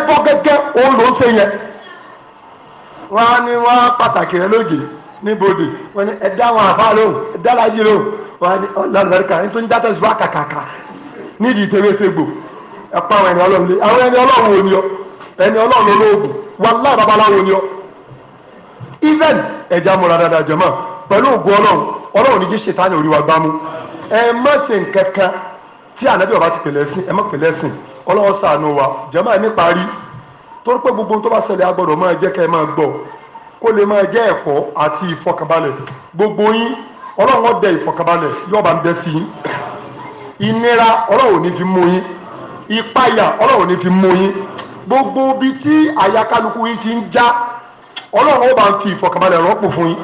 bá wọ́n á ní wọ́n á pàtàkì rẹ lójì níbodè wọ́n ní ẹ̀dá àwọn àfa lóhùn ẹ̀dá alájí lóhùn wọ́n á ní tó ń ni ọ ẹni ọlọ́run olóògùn wàláì babaláwo ni ọ even ẹja múra dáadáa jọmọ pẹ̀lú ògùn ọlọ́run ọlọ́run jí gbámú ẹ má ṣe tí ọba ti pèlè ẹsìn ẹ má pèlè ẹsìn wa jọmọ torí gbogbo tó bá ṣẹlẹ̀ agbọ́dọ̀ máa jẹ́ kẹ́ ẹ máa gbọ́ kó lè máa jẹ́ ẹ̀kọ́ àti ìfọkànbalẹ̀ gbogbo yín ọlọ́run ọdẹ ìfọkànbalẹ̀ yọba ń bẹ sí yín ìnira ọlọ́run ní fi mú yín ìpayà ọlọ́run fi mú yín gbogbo ibi tí àyàkálukú yín ti ń já ọlọ́run ó bá ń fi ìfọkànbalẹ̀ rọ́pò fún yín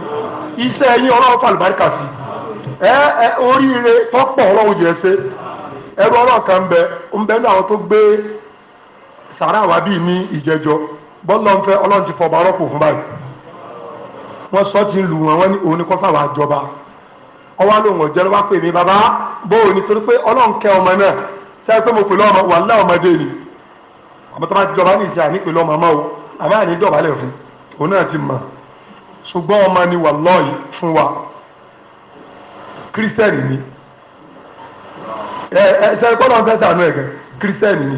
iṣẹ́ yín ọlọ́run fàlùbáríkà sí ẹ ẹ oríire tọ́pọ̀ ọlọ́run jẹ́ ṣe ẹrú ọlọ́run kan ń bẹ sàrà wa bíi ní ìjẹjọ bọ́lọ̀ ń fẹ́ ti fọba fún báyìí wọn sọ ti ń lù wọn wọ́n ní òun jọba ló pè mí bàbá bóun ni torí pé ọlọ́run ọmọ náà pé mo pè lọ́mọ wà ọmọdé ni àmọ́ tó bá ti jọba àní pè lọ́mọ o àmọ́ àní fún òun wa ni ẹ ẹ ni.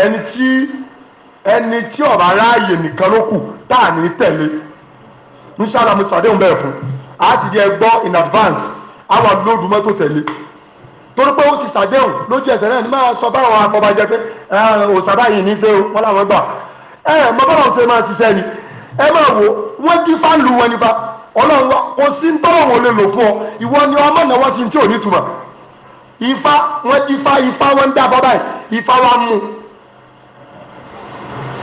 ẹni tí ẹni tí nìkan ló kù tá ní tẹ̀lé níṣàlá sàdéhùn bẹ́ẹ̀ fún a ti yẹ gbọ́ in advance àwọn àdúgbò tó tẹ̀lé torí pé ti sàdéhùn lójú ẹsẹ̀ náà ní máa sọ báwọn akọbajẹ pé òòsà yìí ní gbà ẹ ẹ mọ ṣe máa ṣiṣẹ́ máa wò wọ́n fáàlù wọn sí ń tọ́rọ̀ wọn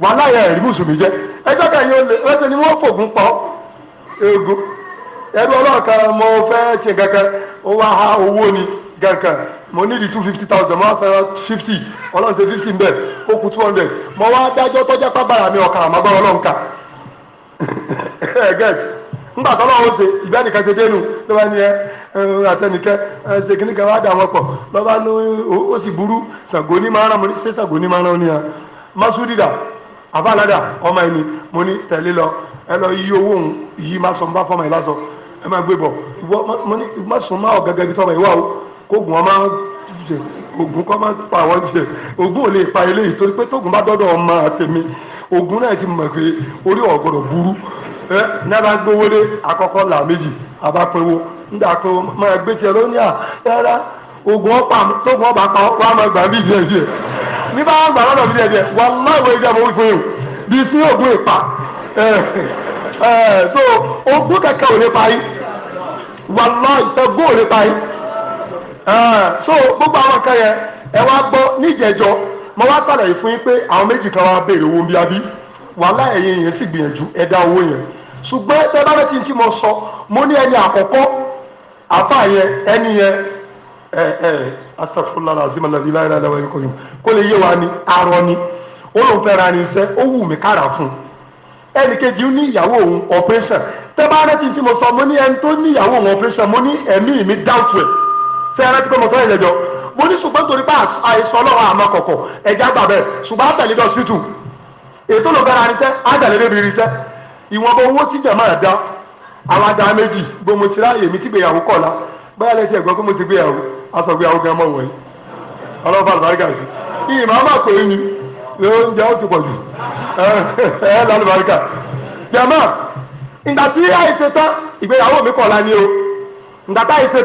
wàhálà yẹn rí mùsùlùmí jẹ ẹjọ́ kẹyìn ó lè lọ́sẹ̀ ni wọ́n fògùn pọ̀ egun ẹrú ọlọ́ọ̀kan mo fẹ́ ṣe kankan ó wá ha owó ni kankan mo nídìí two fifty thousand mo wá sara fifty ọlọ́run ṣe fifty ń ó kù two hundred mo wá dájọ́ tọ́jà pàbàrà mi ọ̀kan àmàgbọ́n ọlọ́run kà get ńgbà tó lọ́wọ́ ṣe ìgbà nìkan ṣe dénú ló bá ní ẹ ṣe kí nìkan wá dà pọ̀ ó sì àbá aládà ọmọ ẹni mo ní tẹ̀lé lọ ẹ lọ yí owó òun yí má sọ bá fọmọ ẹ lásọ ẹ má gbé bọ̀ ìwọ mo ní má sọ má ọ̀gẹ́gẹ́ bí tọmọ ìwà o kóògùn ọmọ jẹ ògùn kọ́ má pa àwọn jẹ ògùn ò lè pa eléyìí torí pé tóògùn bá dọ́dọ̀ ọmọ àtẹ̀mí ògùn náà ti mọ̀ pé orí ọ̀gọ̀dọ̀ burú ẹ náà bá gbówó lé àkọ́kọ́ là méjì àbá pinwo nígbà tó máa gbé tiẹ̀ lónìí à rárá ògùn ọ̀pá tóògùn ọ̀pá pa wà mi bá gbà lọ́dọ̀ mi díẹ̀ díẹ̀ wà láìwé ìjà mo wí fún yìí bí sí ògùn ìpa so ogún kẹkẹ ò lè parí wà láì sẹ́gun ò lè parí so gbogbo àwọn kan yẹn ẹ wá gbọ́ níjẹ̀jọ́ mo wá sàlàyé fún yín pé àwọn méjì kan wá béèrè owó ń bí abí wàhálà ẹ̀yìn yẹn sì gbìyànjú ẹ dá owó yẹn ṣùgbọ́n tẹ́ bá bẹ́ẹ̀ tí mo sọ mo ní ẹni àkọ́kọ́ àfa yẹn ẹni yẹn astaghfirullah alazim alladhi la ilaha illa huwa ẹ̀kọ́ yìí kó lè yé wa ni arọ ni ó lóun fẹ́ ra ni iṣẹ́ ó wù mí kára fún un ẹnì kejì ní ìyàwó òun operation tẹ́ bá rántí tí mo sọ mo ní ẹni tó ní ìyàwó òun operation mo ní ẹ̀mí mi doubt well ṣé ẹ rántí pé mo sọ ìlẹ̀jọ́ mo ní ṣùgbọ́n torí pé àìsàn ọlọ́run àmọ́ kọ̀kọ̀ ẹ̀já gbà bẹ́ẹ̀ ṣùgbọ́n àtẹ̀lẹ́dọ̀ hospital ètò ló bẹ́ra níṣẹ́ àtẹ̀lẹ́dọ̀ níṣẹ́ ìwọ̀nba owó tíjà máa dá àwọn àdá méjì gbogbo ti ti gbéyàwó kọ̀ la báyà lẹ́sẹ̀ ẹ̀gbọ́n pé mo ti gbéyàwó aṣọ pé àwọn gan mọ̀ wọ̀nyí ọlọ́pàá àlùbáríkà sí ìyìn máa máa pè é ni oúnjẹ ó ti pọ̀ jù ẹ lálùbáríkà jẹ̀mọ́ ìgbà tí àìṣe tán ìgbéyàwó mi kọ̀ ni o ìgbà tá ni sọ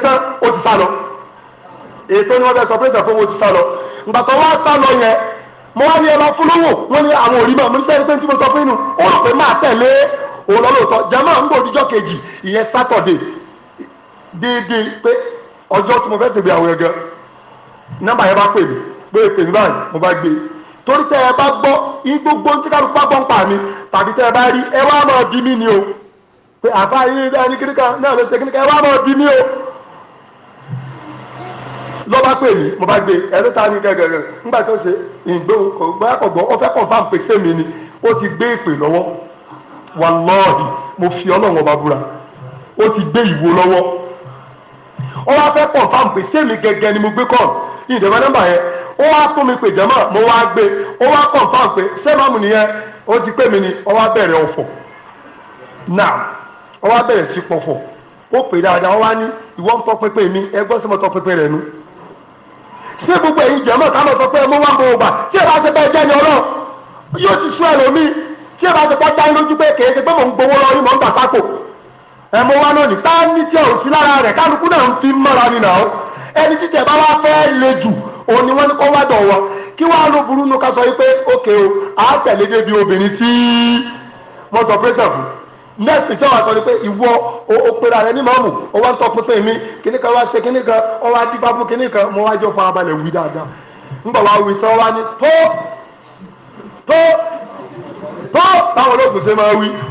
pé mo wá ní ẹ lọ fún lówó wọn àwọn kejì ìyẹn ọjọ́ tí mo fẹ́ ṣègbéyàwó yẹn gan nọ́mbà yẹn bá pè mí pé pè mí báyìí mo bá gbé e. torí tẹ́ ẹ bá gbọ́ ní gbogbo mi tàbí tẹ́ ẹ bá rí ẹ wá bí ni o pé àbá yìí kíríkà náà kíríkà ẹ wá bí o lọ́ba pè mí mo bá gbé e. a gẹ́gẹ́rẹ́ nígbà tó ṣe ìgbóhùn kò gbọ́dọ̀ ọba búra ó ti gbé ìwo lọ́wọ́ ó wá fẹ́ pọ̀ fáwọn pèsè mi gẹ́gẹ́ ni mo gbé kọ́ ìdẹ̀wẹ́ nọ́mbà yẹn ó wá mi jẹ́mọ̀ mo wá gbé ó wá pọ̀ fáwọn pé sẹ́mọ̀mù nìyẹn ó ni ó wá bẹ̀rẹ̀ ọ̀fọ̀ náà ó wá bẹ̀rẹ̀ sí pọ̀fọ̀ ó pè dáadáa ó wá ní pépé mi pépé rẹ̀ nu gbogbo jẹ́mọ̀ sọ pé mo wá tí ẹ bá ṣe bẹ́ẹ̀ jẹ́ ni ọlọ́ yóò ti sún tí ẹ bá ṣe ẹ mọ wá lónìí tá a ní ò sí lára rẹ̀ kálukú náà ń fi mọ́ra nínà náà ẹni tí tẹ̀ bá wá fẹ́ le jù òun ni wọ́n ní kó wá dọ̀ wọ́n kí wàá burú nu ká sọ yìí pé òkè o à á tẹ̀lé débi obìnrin tí wọ́n sọ pé sẹ̀fù nẹ́ẹ̀sì tí wọ́n sọ ni pé ìwọ rẹ ní wá ń tọ́ pínpín mi kíní kan wá ṣe kíní kan wá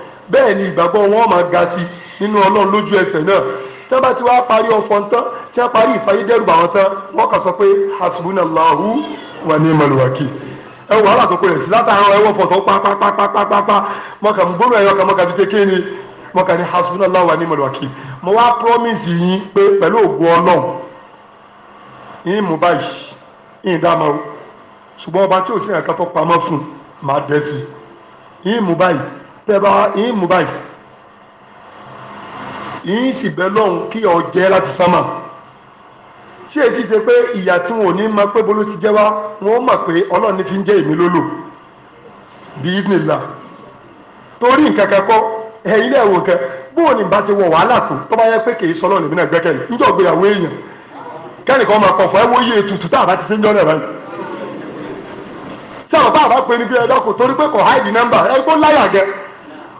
bẹ́ẹ̀ ni ìgbàgbọ́ wọn máa ga sí nínú ọlọ́run lójú ẹsẹ̀ náà tí wọ́n bá ti wá parí ọ̀fọ̀n tán tí wọ́n wọn tán wọ́n sọ pé wa ní wakil ẹ wọ alákòókò rẹ̀ sí látàárọ̀ ẹ wọ́n fọ̀tọ̀ pápápápápápá gbóná ẹ̀yọ́ kan fi ṣe kéènì ní wa ní mo wá promise yín pé pẹ̀lú tẹba yín mú báyìí yín sì bẹ́ lọ́hùn kí ọ láti sámà ṣé èsì ṣe pé ìyà tí wọn ò ní pé fi ń jẹ́ èmi lólò bíi torí nǹkan bóun ni bá ṣe wọ wàhálà tó tó bá yẹ pé kì í sọ níjọ́ ìgbéyàwó èèyàn kẹ́nìkan máa kọ̀ fún ẹ a bá ti ṣe ń jọ́ pe ni bí ẹ dákun torí pé kò háìdì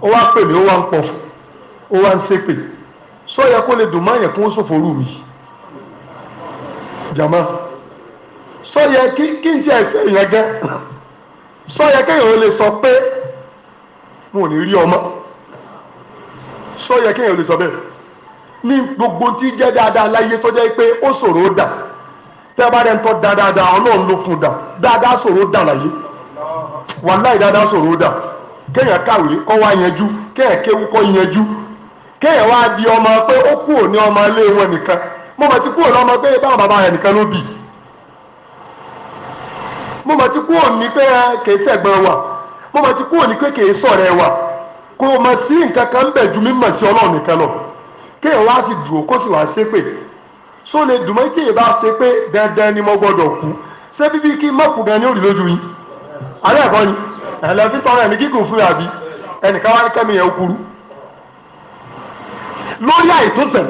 ó wá pè mí ó wá ń pọ ó wá sọ yẹ kó lè dùn má yẹ kó ń rú mi jàmá sọ yẹ kí kí n ṣe ẹsẹ yẹn gẹ sọ yẹ kéèyàn lè sọ pé ò ní rí ọmọ sọ yẹ kéèyàn lè sọ ní gbogbo tí jẹ dáadáa láyé tó jẹ pé ó ṣòro ó dà ń tọ́ dáadáa ọlọ́run fún un dà dáadáa ó dà láyé wàláì dáadáa dà. kéèyàn kàwé kọ́ wá yanjú kéèyàn kéwú kọ́ yanjú kéèyàn wá di ọmọ pé ó kúrò ní ọmọ ilé wọn nìkan mo ti kúrò pé báwọn bàbá rẹ̀ nìkan ló bì mo mọ̀ ti kúrò ní pé eh, kèé sẹ̀gbọ́n wa mo mọ̀ ti kúrò ní pé kèé sọ̀rẹ́ kò mọ̀ sí lọ wá dùn kó sì wá lè dùn mọ́ kí èyí bá ṣe ni mo gbọ́dọ̀ kú ṣé bíbí kí mọ́kù gan ni ó rí lójú ẹ̀lẹ́ fi tọrọ ẹ̀mí kíkùn fún yàbí ẹnìkan wá ní kẹ́mi yẹn kúrú lórí àìtúnṣe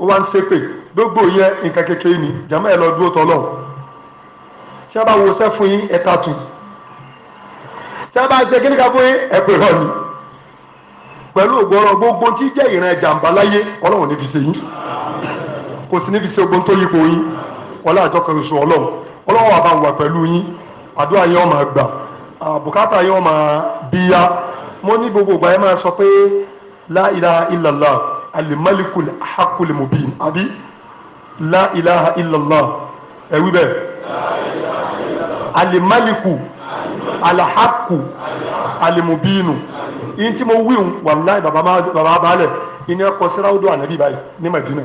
ó wá ń ṣépè gbogbo yẹ nǹkan kékeré ni jàmọ́ ẹ̀ lọ dúró tọ́lọ́ tí a bá wo sẹ́ fún yín ẹ̀ tàtù tí a bá ṣe kí ni ká fún yín ẹ̀ pè rọ̀ ni pẹ̀lú ògbọ́rọ̀ gbogbo tí jẹ́ ìran ìjàmbá láyé ọlọ́run níbi ṣe yín kò sí níbi ṣe ogun tó yípo yín ọlá àjọkọ̀ ìṣù ọlọ́run ọlọ́run wà bá wà pẹ̀lú yín àdúrà yẹn ó máa gbà bùkátà yẹn ó máa bíyá mo ní gbogbo ìgbà yẹn máa sọ pé la ilaha illallah alimalikul hakul mubin àbí la ilaha illallah ẹ wí bẹ́ẹ̀ alimaliku alahaku alimubinu yìí tí mo wí ń wàláì bàbá balẹ̀ ìní ẹ̀kọ́ sí ráúdọ̀ ànábì báyìí ní Madina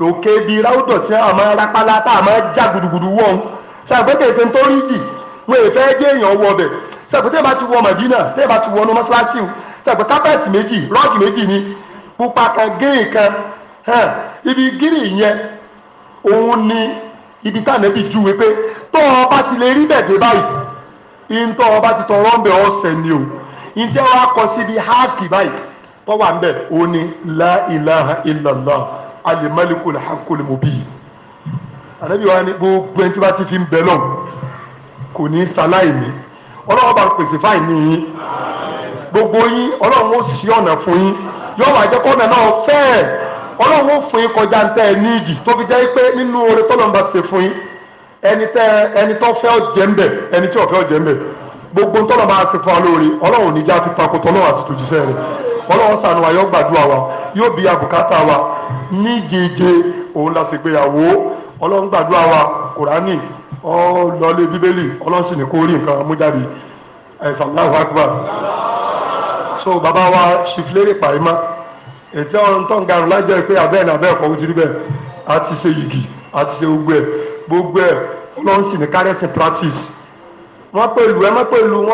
lòkè bíi ráúdọ̀ tí a máa rápálá tá a máa já gudugudu wọ̀n ṣàgbékèké tó rí yìí. wọn ò fẹ́ jẹ́ èèyàn wọ ọbẹ̀ sẹ́pẹ̀ tẹ́ bá ti wọ tẹ́ o sẹ́pẹ̀ méjì méjì ni pupa kan gírì ibi gírì yẹn òun ni ibi júwe pé tọ́ ọ bá ti lè rí bẹ̀ ọba ti tọrọ ń ọ̀sẹ̀ ni o ìjẹ́ wa kọ síbi háàkì báyìí tó wà ń bẹ̀ ni la ilaha illallah alimalikul hakul ni gbogbo ẹni tí ti kò ní ṣaláìní ọlọ́run bá pèsè fáìní yín gbogbo yín ọlọ́run ó ṣí ọ̀nà fún yín yóò wá jẹ́ kọ́nà náà fẹ́ẹ̀ ọlọ́run ó fún yín kọjá ntẹ́ ẹ níyì tó fi jẹ́ pé nínú oore tọ́lọ́run bá ṣe fún yín ẹni tẹ́ ẹni tó fẹ́ ọ̀jẹ̀ ńbẹ̀ ẹni tí ò fẹ́ ọ̀jẹ̀ ńbẹ̀ gbogbo tọ́lọ́run bá ṣe fún wa lóore ọlọ́run ò ní já fífa kó tọ́lọ́run àti tòjíṣẹ́ rẹ̀ ọlọ́run ṣàánú wa yóò gbàdúrà wa yóò bí abùkátà wa níyeye òun la ṣègbéyàwó ọlọ́run gbàdúrà wa kùránì ọ lọlé bíbélì ọlọ́sìn ní kó rí nǹkan amújáde ẹ̀sán so bàbá wa ṣìfìlérè pàrìmá ètò ọ̀run tó ń garun lájẹ́ pé abẹ́ ní abẹ́ Ati ojú rí bẹ́ẹ̀ a ti ṣe yìgì a ti ṣe gbogbo ẹ̀ gbogbo ẹ̀ ọlọ́sìn ní kárẹ́sìn practice wọ́n má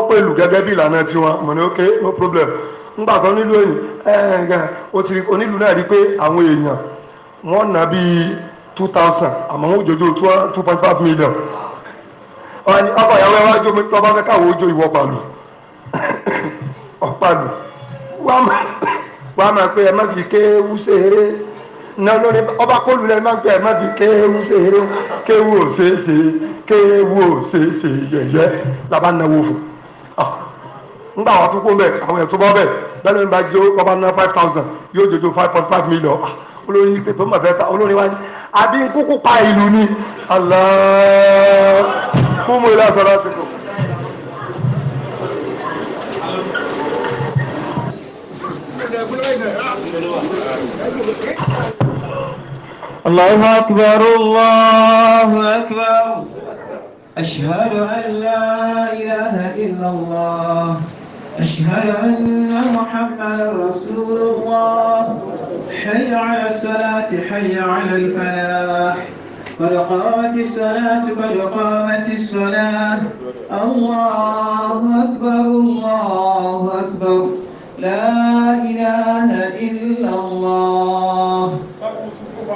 wọ́n gẹ́gẹ́ bí ìlànà tiwọn mo ní ok no problem kan nílùú onílù náà rí pé àwọn èèyàn two thousand àmọ́ wọn jòjò two point five million wọn ni ọkọ ìyàwó ẹ wá jó mi tó ọba fẹ́ káwọ́ ojó ìwọ pàlù ọ̀pàlù wàá máa pé ẹ má fi kéwú ṣe eré náà lórí ọba kọlù rẹ má pé ẹ má fi kéwú ṣe eré kéwú ò ṣeé ṣe kéwú ò ṣeé ṣe yẹyẹ làbá náwó fún ngba ah, àwọn tó mbẹ àwọn ẹ̀tọ́ bọ́ bẹ lẹ́nu ìgbà jẹ́ ọba náà five thousand yóò jòjò five point five million ah, olórí pé tó ń bẹ̀ fẹ́ ta olórí wáyé. àbí nkúkú pa ìlú ni Allah kú الله أكبر الله أكبر أشهد أن لا إله إلا الله أشهد أن محمدا رسول الله حي على الصلاة حي على الفلاح قد قامت الصلاة قد قامت الصلاة الله أكبر الله أكبر لا إله إلا الله